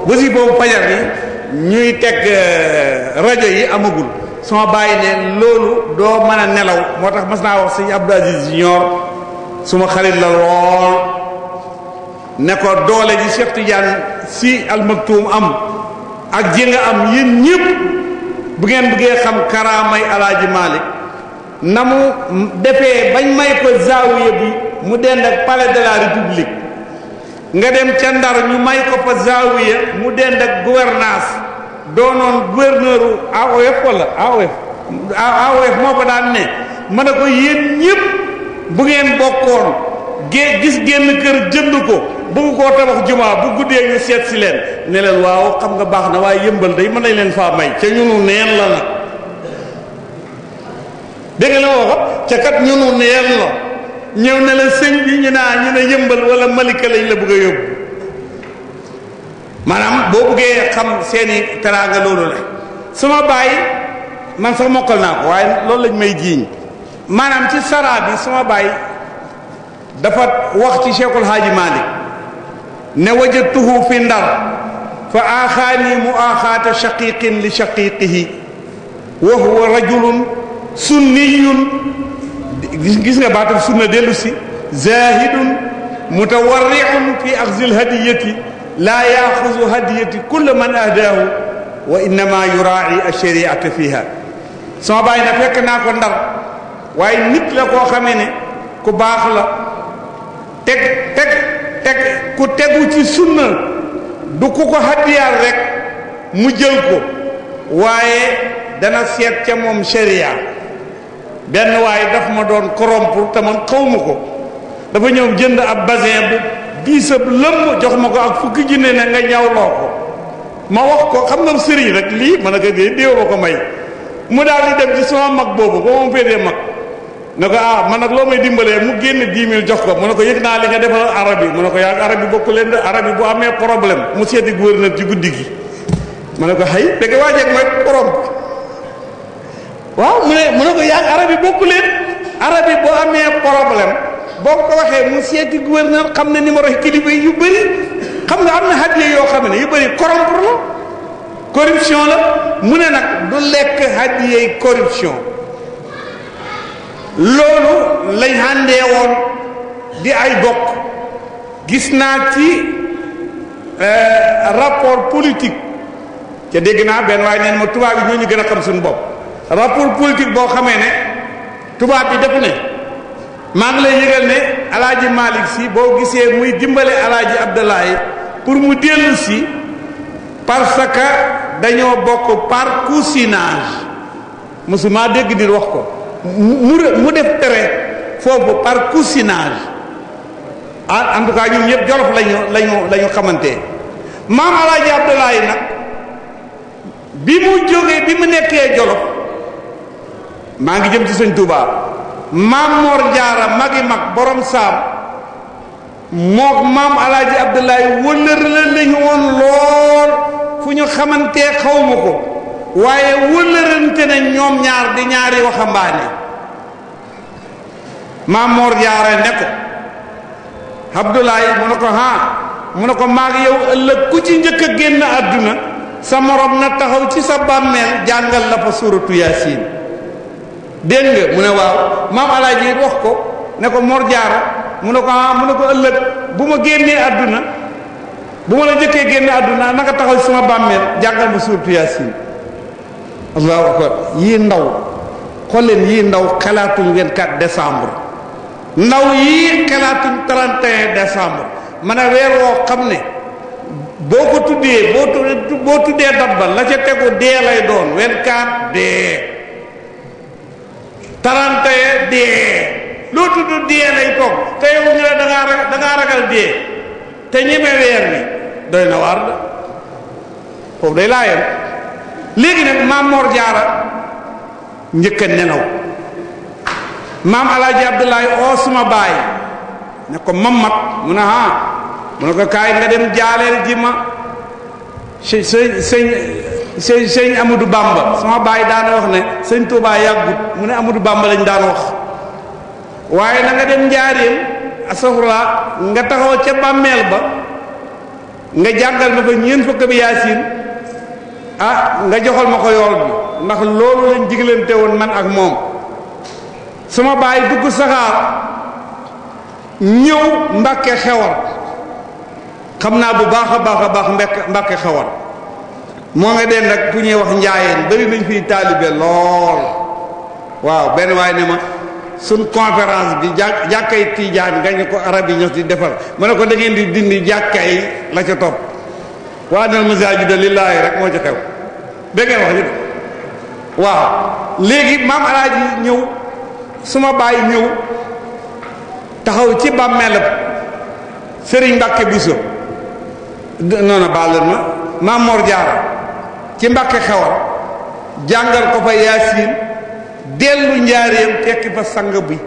wasi boobu fajar yi ñuy teg euh, rajo yi amagul sama bàyyi ne loolu doo mën a nelaw moo tax mas naa wax sëñ Abdou Aziz Junior suma xarit la lool ne ko doole ji Cheikh Tidiane si almaktuum am ak ji nga am yéen ñëpp bu ngeen bëggee xam karaamay alaaji Malick na mu defee bañ may ko zaawiya bi mu dend ak palais de la république nga dem ca ndar ñu may ko fa zaawiya mu dend ak gouvernance doonoon gouverneur u AOF wala AOF AOF moo ko daan ne ma ne ko yéen ñëpp bu ngeen bokkoon gée gis génn kër jënd ko bëgg koo tabax jumaa bu guddee ñu seet si leen ne waaw xam nga baax na waaye yëmbal day mën nañ leen faa may ca ñunu neen la nag dégg nga woo ko ca kat ñunu neen la ñëw ne sëñ bi ñu naa ñu ne yëmbal wala malika lañ la bëgg a yóbbu maanaam boo buggee xam seeni teraanga loolu la suma baay man sax mokkal naa ko waaye loolu lañ may jiiñ maanaam ci saraa bi suma baay dafa wax ci Cheikhul Haaji Malik ne wajadtuhu fi ndar fa aaxaani mu aaxaata shaqiqin li shaqiqihi wa huwa rajulun sunniyun gis nga baatam sunna dellu si zahidun mutawarriun fi axzil hadiyati laa yaaxuzu hadiyati kulla man ahdaahu wa innama yuraai ashariata fiha sama bàyyi na fekk naa ko ndar waaye nit la koo xamee ne ku baax la teg teg teg ku tegu ci sunna du ku ko hadiyaal rek mu jël ko waaye dana seet ca moom sharia benn waaye daf ma doon corrompre te man xaw ma ko dafa ñëw jënd ab basin bu diisab lëmm jox ma ko ak fukki junne ne nga ñawloo ko ma wax ko xam na sëriñ rek lii ma ne ko dee déew ma ko may mu daal di dem ci sama mag boobu ba moom féetee mag ne ko ah man nag loo may dimbalee mu génn dix mille jox ko mu ne ko yëg naa li nga defal arab yi mu ne ko yaa arab yi bokk leen de arab yi bu amee problème guddi gi ne ko xëy dëgg waajeeg mooy borom waaw mu ne mu ne ko yaa arab yi bokk leen arab yi bu amee problème boo ko waxee mu seeti gouverneur xam ne numéro kilifa yu bëri xam nga am na hadiya yoo xam ne yu bëri corrompre la corruption la mu ne nag du lekk hadiyay corruption loolu lañ àndee woon di ay bokk gis naa ci euh, rapport politique ca dégg naa benn waaye neen ma tubaab yi ñoo ñu gën a xam suñu bopp rapport politique boo xamee ne tubaab bi def ne maa ngi lay yëgal ne alaaji Malick si boo gisee muy dimbale alaaji Abdoulaye pour mu dellu si parce dañoo bokk par cousinage musuma dégg nit wax ko mu mu def tere foofu par cousinage ah, en tout cas jolof lañu lañu la ñu xamante maam alaaji Abdoulaye nag bi mu jógee bi mu nekkee jolof maa ngi jëm ci sëñ Touba maam Mor Jaara magi mag borom saam mook maam alaaji Abdoulaye wëllër la lañu woon lool fu ñu xamantee xawma ko waaye wëllërante nañ ñoom ñaar di ñaari waxambaane maam Mor Jaara ne ko Abdoulaye mu ne ko ha mu ne ko maag yow ëllëg ku ci njëkk a génn àdduna sa morom na taxaw ci sa bàmmeel jàngal la fa suuratu Yaasiin dégg nga mu ne waaw maam alaaji it wax ko ne ko Mor Jaara mu ne ko ah mu ne ko ëllëg bu ma génnee àdduna bu ma la njëkkee génne àdduna naka taxaw suma bàmmeel jàngal ma suurtu Yaasin yii ndaw xool leen yii ndaw xalaatuñ 24 décembre ndaw yii xalaatuñ 31 décembre man xam ne boo ko tuddee boo boo tuddee dabba la ca tegu dee lay doon 24 dee tarante dee loo tudd dee lay toog te yow ñu ne da ragal dee te ñeme weer bi doy na waar la foofu day laayam léegi nag maam Mor Jaara njëkk nelaw maam Alaaji Abdoulaye oo suma baay ne ko mammat mu ne ah mu ne ko kaay nga dem jaaleel ji ma sëñ sëñ sëñ sëñ Amadou Bamba sama baay daan wax ne sëñ Touba yàggut mu ne Amadou Bamba lañ daan wax waaye na nga dem njaareem asafura nga taxaw ca bàmmeel ba nga jàngal ma fa ñeent fukk bi yaasin ah nga joxal ma ko yool bi ndax loolu lañ diglante woon man ak moom sama baay dugg saxaar ñëw Mbàkke xewar xam naa bu baax a baax a baax Mbàkke xewar moo nga den nag ku ñuy wax njaayeen bari nañ fiy taalibe lool waaw benn waay ne ma suñ conférence bi jà jàkkay tiijaan nga ñu ko arab yi ños di defar ma ne ko dangeen di dindi jàkkay la ca topp waa nal moo ci xew da waaw léegi maam alaaji ñëw suma baay ñëw taxaw ci bàmmeelab sëriñ Mbàkke Buso non non baal ma maam Mor ci Mbàkke xewal jàngal ko fa yaasin dellu njaareem tekki fa sang bi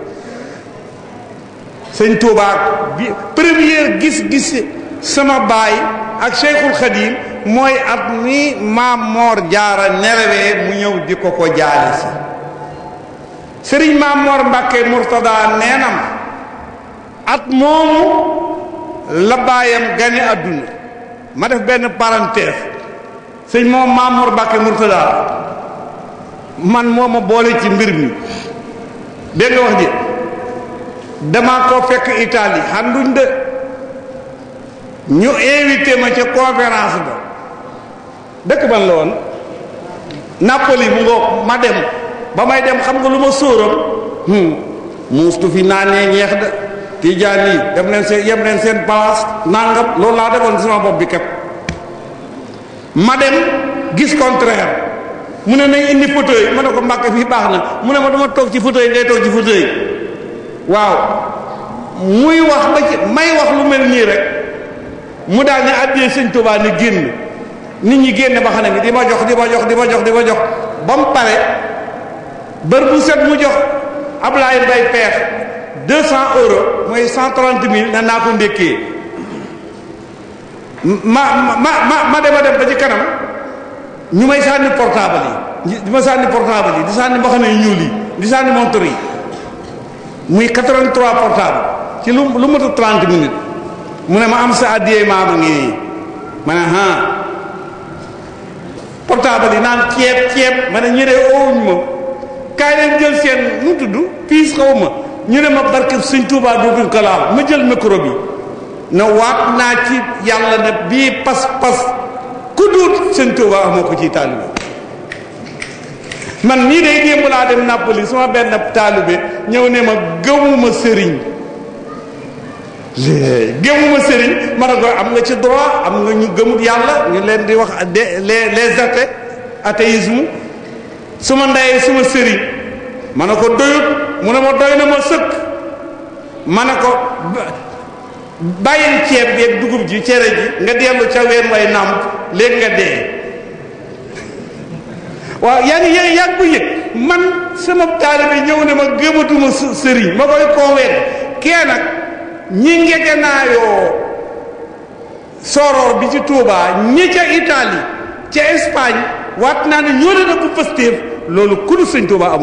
sëñ Tuubaa bi première gis-gis sama baay ak Cheikhul Khadim mooy at mi maam Moor Jaara nelawee mu ñëw di ko ko jaali si sëriñ maam Moor Mbàkke Murtada nee at moomu la baayam gane àdduna ma def benn parenthèse sëñ moom Maamoor Mbàkke Murtada man moo ma boole ci mbir mi dégg nga wax ji dama ko fekk Italie xanduñ de ñu invité ma ca conférence ba dëkk ban la woon Napoli mu ngoog ma dem ba may dem xam nga lu ma sóoram hmm, muustu fi naanee ñeex da tiijaan yi dem leen seen yem leen seen palaas nangam loolu laa defoon sama bopp bi képp ma dem gis contraire mu ne nañ indi fauteuil ma ne ko mbàkke fii baax na mu ne ma dama toog ci fauteuil ngay toog ci fauteuil waaw muy wax ba ci may wax lu mel nii rek mu daal ne addiyee sëñ Tuubaa ni génn nit ñi génn ba xanaa bi di ma jox di ma jox di ma jox di ma jox ba mu pare bër bu set mu jox Ablaye Mbaye peex deux cent euros mooy cent trente mille na naa ko ndékkee ma ma ma ma dem a dem ba ci kanam ñu may sànni portable yi di ma sànni portable yi di sànni mbaxana yu ñuul yi di sànni montre yi muy 83 portable ci lu lu mot a 30 mu ne ma am sa addiyee maama ngi nii ma ne ah portable yi naan ceeb ceeb ma ne ñu ne oowuñ ma kaay leen jël seen nu tudd piis xaw ma ñu ne ma barke Sëñ Tuubaa dootuñ ko laal ma jël micro bi. na waat naa ci yàlla na bii pas-pas ku duut sëñ Tuuba amoo ko ci taalibe man nii day démb laa dem Napoli suma benn taalibe ñëw ne ma gëmuma sëriñ gëmuma sëriñ ma ne ko am nga ci droit am nga ñu gëmut yàlla ñu leen di wax les les athées athéisme suma ndeyee suma sëriñ man ne ko doyut mu ne ma doy na ma sëkk ma ne ko bàyyil ceeb bi ak dugub ji cere ji nga dellu ca ween way nàmp léegi nga dee waaw yaa ngi yaa ngi ko yëg man sama taalibe ñëw ne ma gëmatuma sëriñ ma koy convaincre kee nag ñi ngegenaayoo soror bi ci Touba ñi ca Italie ca Espagne waat naa ne ñoo leen ëpp Pastef loolu ku dul sëñ Touba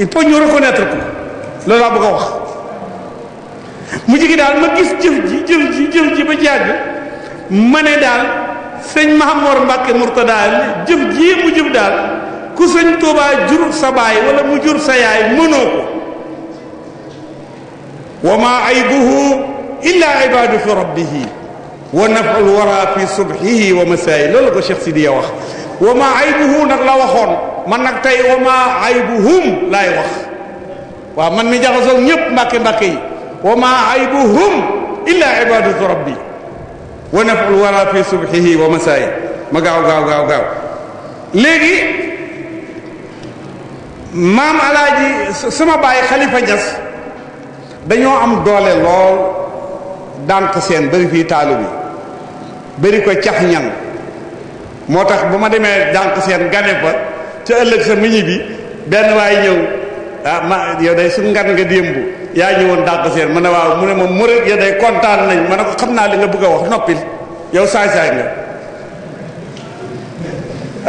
il faut ñu reconnaître ko loolu laa bëgg a wax mu jigi daal ma gis jëf ji jëf ji jëf ji ba jaag ma ne daal sëñ Mahamor Mbàkke Murtada jëf mu jëf daal ku sëñ Tuubaa jur sa wala mu jur sa yaay mënoo ko wa maa aybuhu illa ibadu fi rabbihi wa naf'ul wara fi subhihi wa masaayi loolu ko Cheikh Sidiya wax wa maa aybuhu nag la waxoon man nag tey wa maa aybuhum laay wax waaw man mi jaxasoog ñëpp mbàkke mbàkke yi wa maa aybuhum illa bi rabbi wa naful wara fi subhihi wa masaayi ma gaaw gaaw gaaw gaaw léegi maam alaaji sama baay xalifa Ñas dañoo am doole lool dànk seen bëri fii taalu bi bëri ko cax ñan moo tax bu ma demee dànk seen gane ba ca ëllëg sa muñi bi benn waay ñëw ah ma yow day suñ ngan nga démb yaa ñëwoon dàq seen ma ne waaw mu ne ma murit ya day kontaan nañ man ne ko xam naa li nga bëgg a wax noppil yow saay-saay nga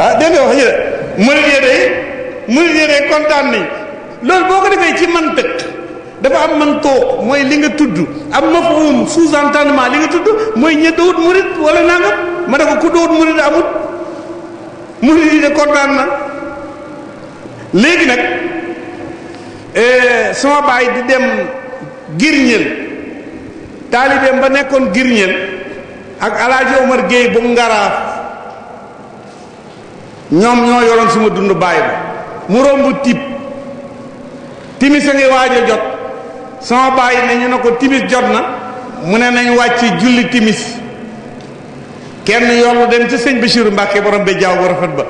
ah dégg nga wax ñu murit ya day kontaan nañ loolu boo ko defee ci man tëkk dafa am man toog mooy li nga tudd am mafhum sous-entendement li nga tudd mooy ña dawut murit wala nangam ma ne ko ku dawut murit amut murit yi de kontaan na léegi nag Eh, sama baay di dem girñeel taalibeem ba nekkoon girñeel ak alaaji Omar Gueye bu ngaraaf ñoom ñoo yoroon suma dund baay ba mu romb tib timis a ngi waaj jot sama baay ne ñu ne ko timis jot na mu ne nañu wàcc julli timis kenn yoolu dem ci sëñ Bachir Mbacke borom be jaaw bu rafet ba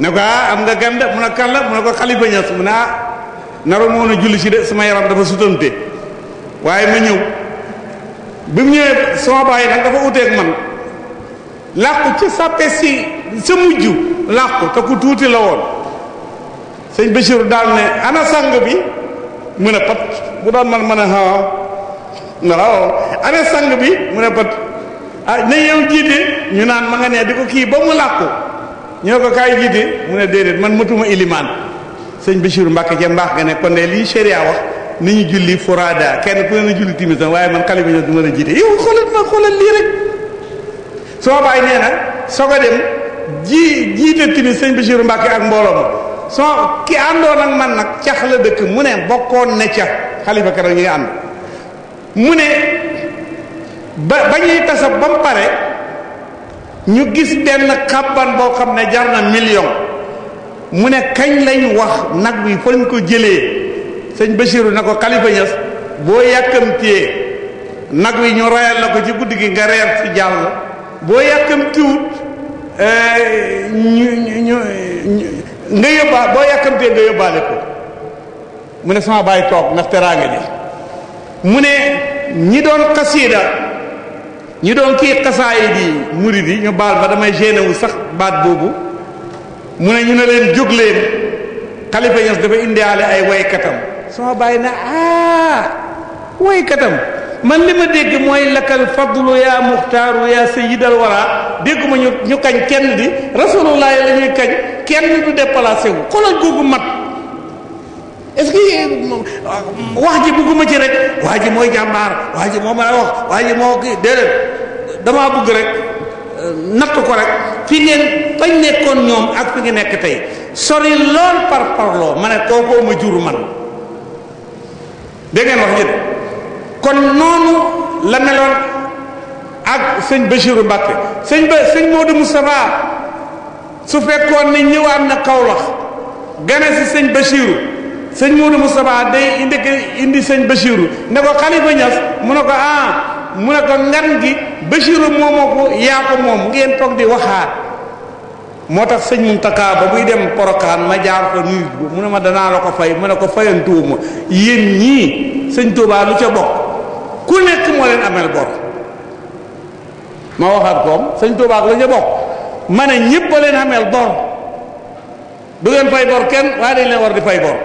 ne ko ah am nga gande mu ne kan la mu ne ko xalifa ñas mu ne ah nara moon a julli ci de sama yaram dafa sutante waaye ma ñëw bi mu ñëwee sama bàyyi nag dafa uteeg man làqu ci sàppe si sa mujj làqu te ku tuuti la woon sëñ Bachir daal ne ana sang bi mu ne pat bu doon man mën a xawaaw ana sang bi mu ne pat ah na yow jiite ñu naan ma nga ne di ko kii ba mu làqu ñoo ko kaay jiite mu ne déedéet man matuma ilimaan sëñ Bachir Mbacke ca mbaax nga ne kon de lii sharia wax ni ñu julli furaada kenn ku ne na julli timis nag waaye man xale ma la soo bàyyi nee soo ko dem ji jiite timis sëñ Bachir Mbacke ak mbooloo ma soo ki àndoon ak man nag cax la dëkk mu ne bokkoon ne ca xalifa keroog ñu ngi ànd mu ne ba ba ñuy tasa ba mu pare ñu gis benn xabban boo xam ne jar na million mu ne kañ lañ wax nag wi fa lañ ko jëlee sëñ Bachirou na ko kalifa Niass boo yàkkamtee nag wi ñu royal na ko ci guddi gi nga reer ci jàll boo yàkkamtiwut eh, boo yàkkamtee nga yóbbaale ko mu ne sama bàyyi toog nga teraanga ji mu ne ñi doon xasiida ñi doon kii xasaayid yi murid yi ñu baal ba damay génnewu sax baat boobu mu ne ñu ne leen jóg leen xalifa Ñas dafa indiaale ay waykatam sama bàyyi na ah waykatam man li ma dégg mooy lakal fadlu yaa muxtaaru yaa sayyidal wara dégg ma ñu ñu kañ kenn di rasulullah la ñuy kañ kenn du déplacé wu xoolal googu mat est-ce que wax ji bugguma ci rek waa ji mooy jàmbaar waa ji moo mën a wax waa ji moo kii damaa bugg rek natt ko rek fi ngeen bañ nekkoon ñoom ak fi nga nekk tey sori lool par parloo ma ne kookoo ma jur man dégg ngeen wax jët kon noonu la meloon ak sëñ Bachiru Mbàkke sëñ ba sëñ Moodu Moustapha su fekkoon ne ñëwaat na Kawlax gane si sëñ Bachiru sëñ Moodu Moustapha day indi indi sëñ Bachiru ne ko xalifa Ñas mu ne ko ah mu ne ko ngan gi Bachir moomoo ko yaa ko moom ngeen toog di waxaat moo tax sëñ Muntakaa ba buy dem Porokaan ma jaar ko nuyu ko ne ko fay mu ne ko ñii sëñ Tuubaa lu ca bokk ku nekk moo leen amel bor ma waxaat koom sëñ Tuubaa la ca bokk ma ne ñëpp a leen amel bor du ngeen fay bor kenn waaye dañ leen war di fay bor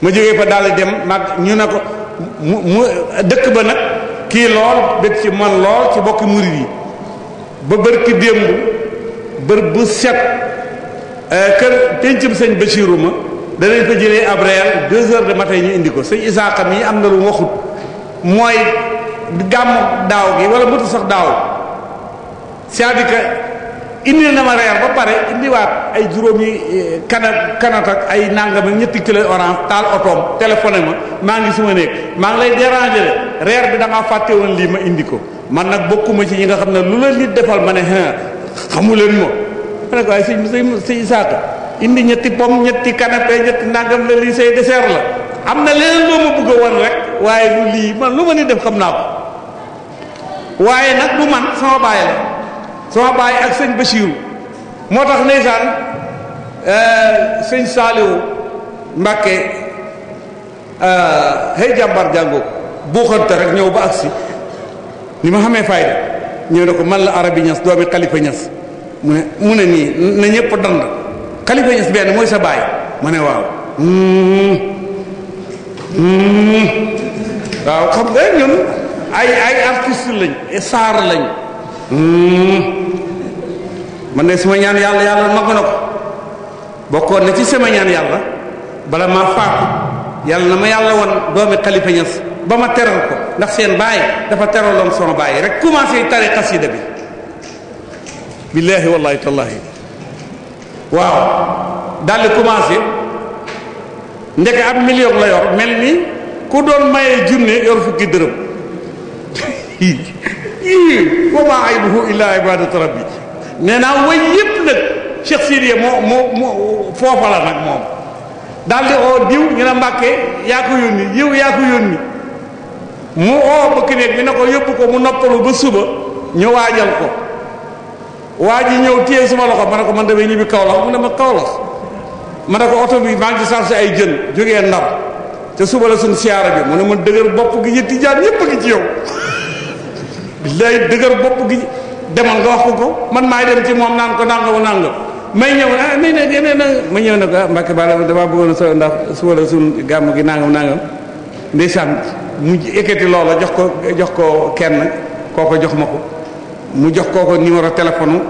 ma jógee fa dal di dem mag ñu ne ko mu mu dëkk ba nag. kii lool bëgg ci man lool ci bokki murid yi ba bërki démb bër bu set euh, kër pencum sëñ Bachiru ma danañ ko jëlee ab reer deux heures de matin ñu indi ko sëñ Isaaka mi am na lu waxut mooy gàmm daaw gi wala mutu sax daaw c'est-à-dire indi na ma reer ba pare indiwaat ay juróomi eh, kana kanat ak ay nangam ak ñetti kilo orange taal otoom téléphoné ma maa ngi ma néeg maa ngi lay dérangé de reer bi da ngaa fàtte woon lii ma indi ko man nag bokkuma ci ñi nga xam ne lu la nit defal ma ne xamu leen ma ma ne ko waaye si si Isaaka indi ñetti pom ñetti canapé ñetti nangam la lii say dessert la am na leneen loo ma bëgg wan rek waaye lu lii man lu ma ni def xam naa ko waaye nag du man sama baay la sama baay ak sëñ Basiiru moo tax ndeysaan euh, sëñ Saaliwu Mbàkke euh, xëy jàmbar jàngoo buuxante rek ñëw ba agsi ni ma xamee fayda ñëw ne ko man la arabi ñas doomi xalifa ñas mu ne mu ne nii na ñëpp dand xalifa ñas benn mooy sa baay ma ne waaw hmm. Hmm. waaw xam nga ñun ay ay artiste lañ saar lañ Hmm. man de suma ñaan yàlla yàlla mag na ko bokkoon na ci sama ñaan yàlla bala maa faatu yàlla na ma yàlla won doomi xalifa ñas ba ma teral ko ndax seen baay dafa teraloon sama baay rek commencé tari xasida bi billaahi wallaahi tallaahi waaw daal di commencé ndeke ab million la yor mel ni ku doon maye junne yor fukki dërëm ii wa maa aybuhu illaa ibadatu rabbi nee naa way yëpp nag Cheikh Sidiya moo moo moo foofa la nag moom daal di oo diw ñu ne mbàkke yaa ko yónni yiw yaa ko yónni mu oo bëkk néeg bi ne ko yóbbu ko mu noppalu ba suba ñu waajal ko waa ji ñëw téye suma loxo ma ne ko man damay ñibbi Kaolack mu ne ma Kaolack ma ne ko oto bi maa ngi chargé ay jën jógee Ndar te suba la suñ siyaara bi mu ne ma dëgër bopp gi yëtti jaar ñëpp a ngi ci yow billaay dëgër bopp gi demal nga wax ko ko man maay dem ci moom naan ko nangamu nangam may ñëw na ah, ma ñëw ne ko ah Mbacke Balla damaa bëggoon so ndax suba la suñ gàmm gi nangam nangam ndeysaan mu ekkati loola jox ko jox ko kenn kooko jox ma ko mu jox kooko numéro téléphone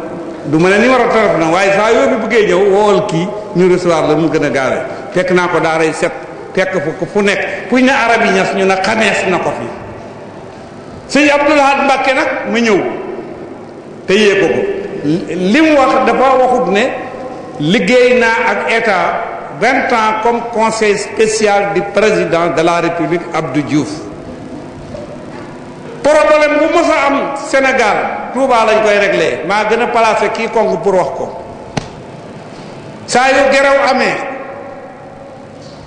du ma ne numéro téléphone waaye saa yoo bi bëggee ñëw wool kii ñu recevoir la mu gën a gaawee fekk naa ko daaray set fekk fu fu nekk kuñ ne arab yi ñas ñu ne xamees na ko fi sëñ Abdoul Ahad Mbàkke nag mu ñëw te yee ko ko li mu wax dafa waxut ne liggéey naa ak état vingt ans comme conseil spécial du président de la république Abdou Diouf problème bu mës a am Sénégal Touba lañ koy réglé maa gën a placé kii kong pour wax ko saa yu gerew amee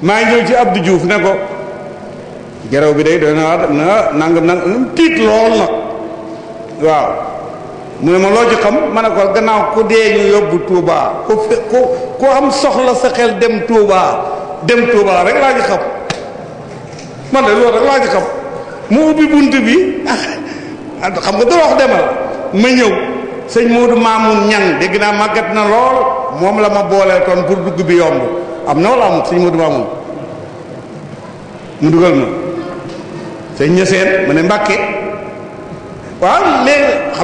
maa ngi ñëw ci Abdou Diouf ne ko jaraw bi day doy na waa na nangam tiit lool nag waaw mu ne ma loo ci xam ma ne ko gannaaw ku dee ñu yóbbu Touba ku fe ku am soxla sa xel dem Touba dem Touba rek laa ci xam man de xam mu ubbi bunt bi ah, xam nga doo wax demal ma ñëw sëñ Modou Mamoun Niang dégg naa màggat na lool moom la ma booleel kon pour dugg bi yomb am na wala amut sëñ Modou Mamoun mu dugal ma. sëñ ñaseen mu ne nga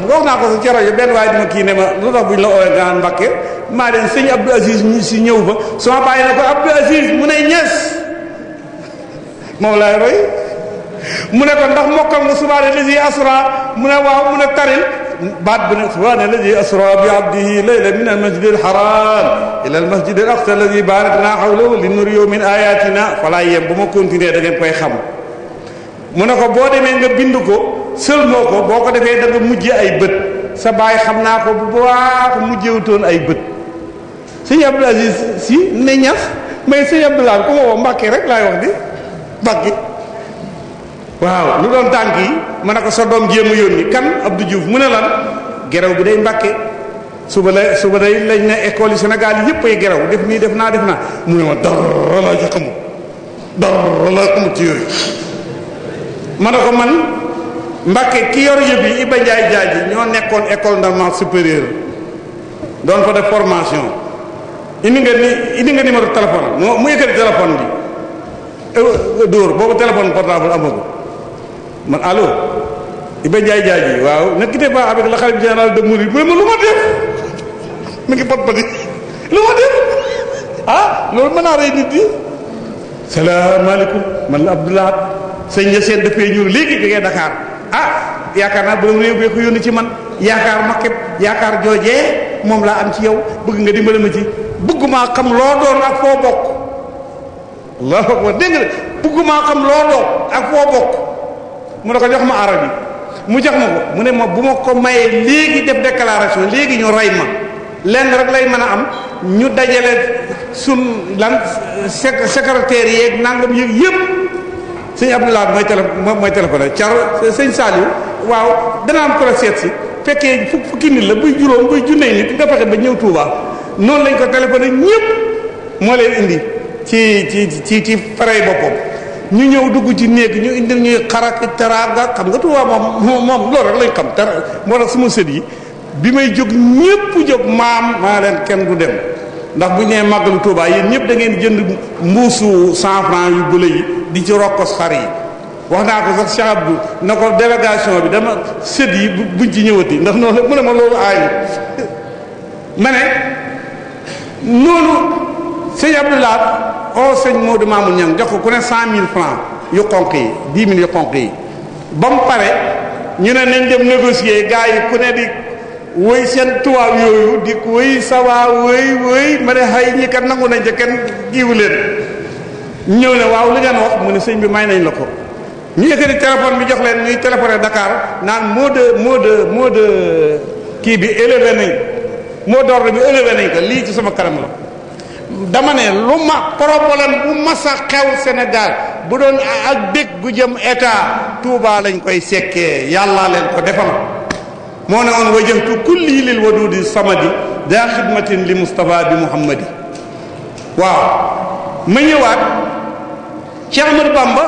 wax naa ko sa ci rajo waaye dima kii ne ma lu tax buñ la oowe nga naan mbàkke maa leen sëñ Abdou Aziz si ñëw ba suma bàyyi na ko Abdou Aziz mu ne ñes moom laay roy mu ne ko ndax mokkal nga subhaana lazi asra mu ne waaw mu ne taril baat bi ne subhaana lazi asra bi abdihi layla min al masjid al haram ila al masjid al aqsa allazi barakna hawlahu linuriyahu min ayatina falaa yem bu ma continuer da ngeen koy xam mu ne ko boo demee nga bind ko sëlmoo ko boo ko defee da nga mujje ay bët sa baay xam naa ko bu baax mujjewutoon ay bët sëñ Abdou Aziz si ne ñas mais sëñ Abdoulaye ku ma woo Mbàkke rek lay wax di Mbàkke waaw lu doon tànk yi ma ne ko sa doom jéem a yónni kan Abdou Diouf mu ne lan gerew bi day Mbàkke suba la suba day lañ ne école yi Sénégal yëpp ay gerew def nii def naa def naa mu ne ma dara laa ci xamul dara laa xamul ci yooyu ma ne ko man Mbàkke ki yor yëpp yi Iba Njaay Jaaji ñoo nekkoon école normale supérieur doon fa def formation indi nga ni indi nga numéro téléphone mu mu yëkkati téléphone bi euh, euh, dóor boobu téléphone portable amagu man allo Iba Njaay Jaaji waaw ne quittez pas avec le khalife général de Mouride mu lu ma def mi ngi pot poti lu ma def ah loolu mën naa rey nit yi salaamaaleykum man la Abdoulaye sëñ la seen dafay ñëw léegi jógee Dakar ah yaakaar naa borom réew bi ko yónni ci man yaakaar makkib yaakaar joojee moom laa am ci yow bëgg nga dimbale ma ci bëggumaa xam loo doon ak foo bokk allahu akbar dégg nga bëggumaa xam loo doon ak foo bokk mu ne ko jox ma arab yi mu jox ma ko mu ne ma bu ma ko mayee léegi def déclaration léegi ñu rey ma lenn rek lay mën a am ñu dajale sun lan secrétaire yeeg nangam yëg yëpp sëñ Abdoulaye mooy télé mooy téléphoné car sëñ Saliou waaw dana am ko seet si fekkee fukki nit la buy juróom buy junnee nit nga fexe ba ñëw Touba noonu lañ ko téléphoné ñëpp moo leen indi ci ci ci ci faray boppam ñu ñëw dugg ci néeg ñu indil ñuy xarak teraanga xam nga Touba moom moom loolu rek lañ xam dara moo tax suma sët yi bi may jóg ñëpp jóg maam maa leen kenn du dem ndax bu ñu nee màggalu Touba yéen ñëpp da ngeen jënd mbuusu cent franc yu bële yi di ci rokkos xar yi wax naa ko sax Cheikh Abdou na ko délégation bi dama sët yi buñ ci ñëwati ndax noonu mu ne ma loolu aay ma ne noonu sëñ jox ko ku ne cent mille francs yu xonq yi dix mille yu xonq yi ba mu pare ñu ne nañ dem négocier gars yi ku ne di. wëy seen tubaab yooyu di wëy sawaa wëy wëy ma ne xay ñi kat nangu nañ ca kenn giiwu leen ñëw ne waaw li ngeen wax mu ne sëñ bi may nañ la ko ñu yëkkati téléphone bi jox leen ñuy téléphoné Dakar naan moo de moo de mot de kii bi élevé nañ mot d'ordre bi élevé nañ ko lii ci sama kanam la dama ne lu ma problème bu masa xew senegal bu doon ak dëkk bu jëm état Touba lañ koy sekkee yàllaa leen ko defal moo ne woon wajjahtu kulli lil wadudi samadi daa xidmatin li Moustapha bi Muhammadi waaw ma ñëwaat ci Ahmadu Bamba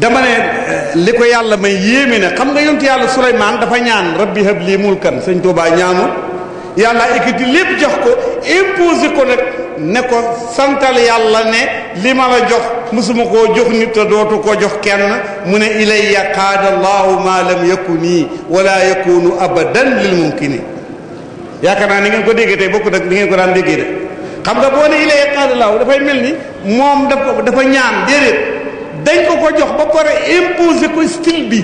dama ne li ko yàlla may yéeme ne xam nga yontu yàlla Suleymaan dafa ñaan rabbi hab lii mulkan sëñ Tuubaa ñaanu yàlla ekkati lépp jox ko imposé ko ne ko santal yàlla ne li ma la jox musuma koo jox nit te dootu ko jox kenn mu ne ilayya qaada allahu ma lam yakuni wala yakunu abadan lil mumkini yaakaar naa ni ngeen ko déggee tey bokku nag ni ngeen ko daan déggee de xam nga boo ne ilayya qaada dafay mel ni moom dafa dafa ñaan déedéet dañ ko ko jox ba pare imposer ko style bi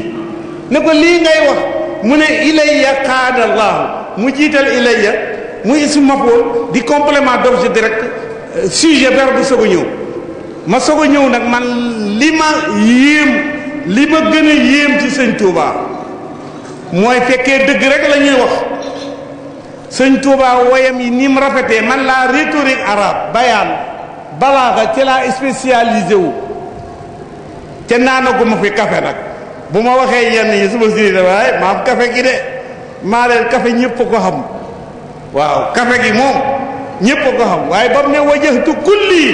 ne ko lii ngay wax mu ne ilayya qaada mu jiital ilayya muy ismu maf'ul di complément d'objet direct euh, sujet verbe bi soog a ñëw ma soog a ñëw nag man li ma yéem li ma gën a yéem ci sëñ Touba mooy fekkee dëgg rek la ñuy wax sëñ Touba woyam yi nii mu rafetee man la rhétorique arabe bayaan balaaxa ci laa spécialisé wu te naanaguma fi café nag bu ma waxee yenn yi suba si waaye maam kafe gi de maa leen café ñëpp ko xam waaw kafe gi moom ñépp a ko xam waaye ba mu ne wajjahtu kulli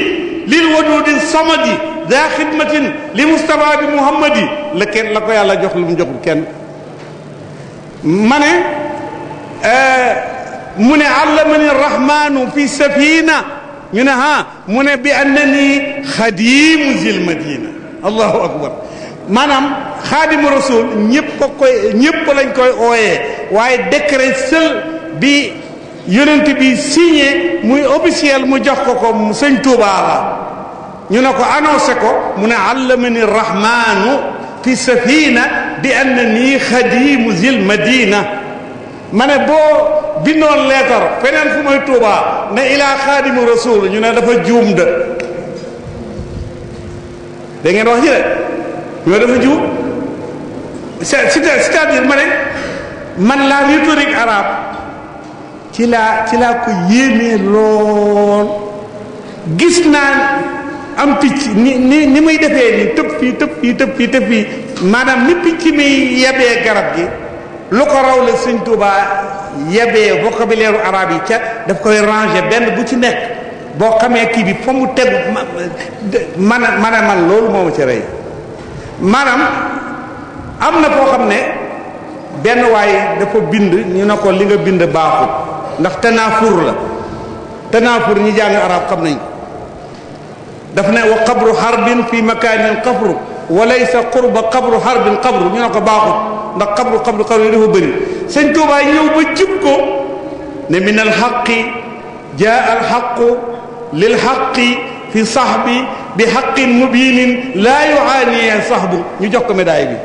lil wadudin samadi daa xidmatin li mustafa bi muhammadi la kenn la ko yàlla jox lu mu joxul kenn ma ne eh, mu ne allamani rahmanu fi safina ñu ne ha mu ne bi annani xadimu zil madina allahu akbar maanaam xaadimu rasul ñëpp a koy ñëpp lañ koy ooyee waaye décret seul bi yonent bi signé muy officiel mu jox ko ko sëñ Tuubaa la ñu ne ko annoncé ko mu ne allamani rahmaanu fi safina bi anna nii xadimu zil madina ma ne boo bindoon leetar feneen fu mooy Tuubaa ne ilaa xaadimu rasul ñu ne dafa juum de da ngeen wax ji de ñoo dafa juum c'est-à-dire ma ne man la rhétorique arabe ci laa ci laa ko yéemee lool gis naa am picc ni ni ni muy defee ni tëb fii tëb fii tëb fii tëb fii maanaam ni picc mi yebee garab gi lu ko raw la Sëñ Tuuba yebee vocabulaire arabe yi ca daf koy ranger benn bu ci nekk boo xamee kii bi fa mu tegu man a man a man loolu moo ma ci rey maanaam am na koo xam ne benn waaye dafa bind ñu ne ko li nga bind baaxul ndax tanaafur la tanaafur ñi jàng arab xam nañ daf ne wa qabru xarbin fi makaanin qabru wa laysa qurba qabru xarbin qabru ñu ne ko baaxut ndax qabru qabru qabru yi dafa bëri sëñ Tuubaa ñëw ba jib ko ne min alxaqi jaa alxaqu lilxaqi fi saxbi bi xaqin mubinin laa yuaaniye saxbu ñu jox ko médaille bi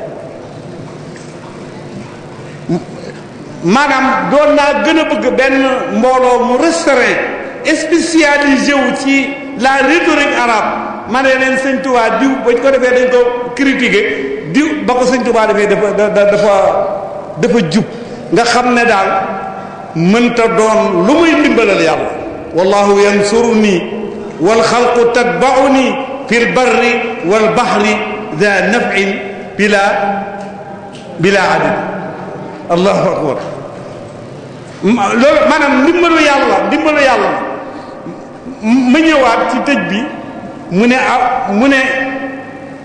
maanaam doon naa gën a bëgg benn mbooloo mu restreint spécialisé ci la rhétorique arabe ma ne leen sëñ Tuubaa diw bañ ko defee dañ ko critiqué diw ba ko sëñ Tuubaa defee dafa dafa dafa jub nga xam ne daal mënta doon lu muy ndimbalal yàlla wallahu yansuru nii wal xalqu tatbau nii fi l wal bahri da nafin bila bila adad allahu akbar loolu maanaam ndimbalu yàlla ndimbalu yàlla ma ñëwaat ci tëj bi mu ne a ah, mu ne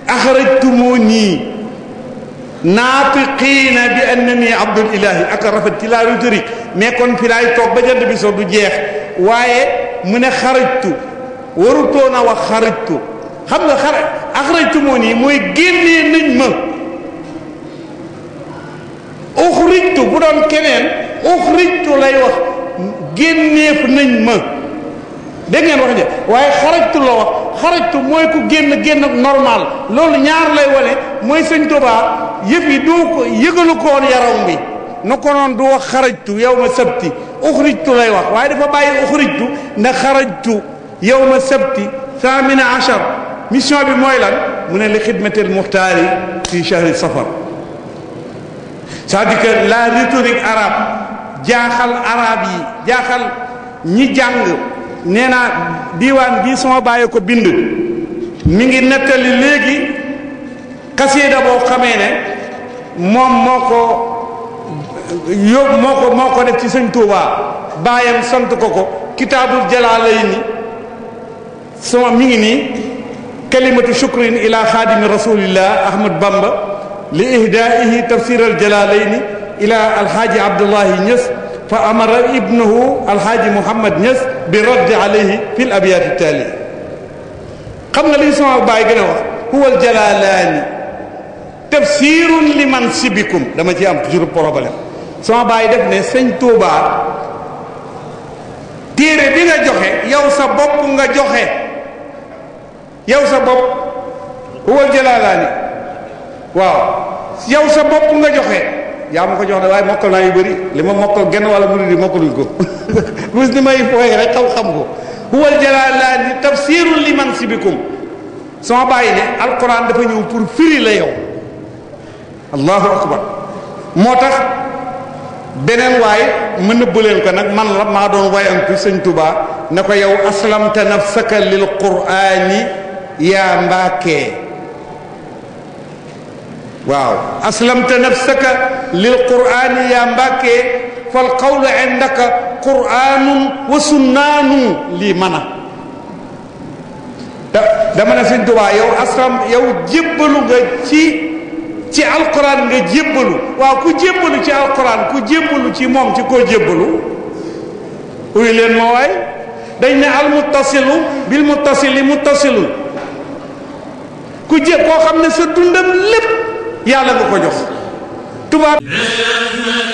axrajtumoo nii naatiqiina bi annani abdul ilahi ak rafet ci laa mais kon fi laay toog ba jant bi so du jeex waaye mu ne xarajtu warutoon a wax xam nga xara nii mooy génnee nañ ma uxrijtu bu doon keneen uxrijtu lay wax génneef nañ ma dégg ngeen wax ja waaye xarajtu la wax xarajtu mooy ku génn génn normal loolu ñaar lay wane mooy sëñ Tuubaa yëf yi doo ko yëgalu ko woon yaram bi na ko noon du wax xarajtu yow sabti uxrijtu lay wax waaye dafa bàyyi uxrijtu ndax xarajtu yow sabti mission bi mooy lan mu ne li xidmatil muxtaari fi chahri safar cest à la rhétorique arabe jaaxal arabe yi jaaxal ñi jàng nee naa diiwaan bii sama bàyyi ko bind mi ngi nettali léegi xasiida boo xamee ne moom moo ko yóbbu moo ko moo ko def ci sëñ Touba bàyyam sant ko ko kitaabul jalaalayni sama mi ngi nii kalimatu shukrin ila xaadimi rasulillah ahmad bamba li ihdaa'ihi tafsir aljalaalayni ila alhaaji abdullahi ñës fa amara ibnuhu alhaaji muhammad ñës bi raddi alayhi fi l abiyaati taali xam nga liñ sama baay gën a wax huwa aljalaalaani tafsirun li mansibikum dama ci am toujours problème sama baay def ne sëñ tuubaa joxe yow sa bopp nga joxe yow sa bopp huwa waaw yow sa bopp nga joxe yaa ma ko jox de waaye mokkal naa yu bëri li ma mokkal genn wala mu di mokkaluñ ko gis may fooye rek xam-xam ko huwal jalalaani ni tafsirun li mansibikum sama bàyyi ne alquran dafa ñëw pour firi la yow allahu akbar moo tax beneen waay ma nëbb leen ko nag man la maa doon wayantu sëñ Tuba ne ko yow aslamta nafsaka lil qurani yaa mbaakee waaw aslamta nafsaka lil qur'ani yaa mbàkkee fal qawlu indaka qur'anun wa sunnaanun lii mana da dama ne Sëñ Tuubaa yow aslam yow jébbalu nga ci ci alquran nga jébbalu waaw ku jébbalu ci alquran ku jébbalu ci moom ci koo jébbalu uyu leen ma waay dañ ne al bil muttasili muttasilu ku jé koo xam ne sa dundam lépp yàlla nga ko jox tubaab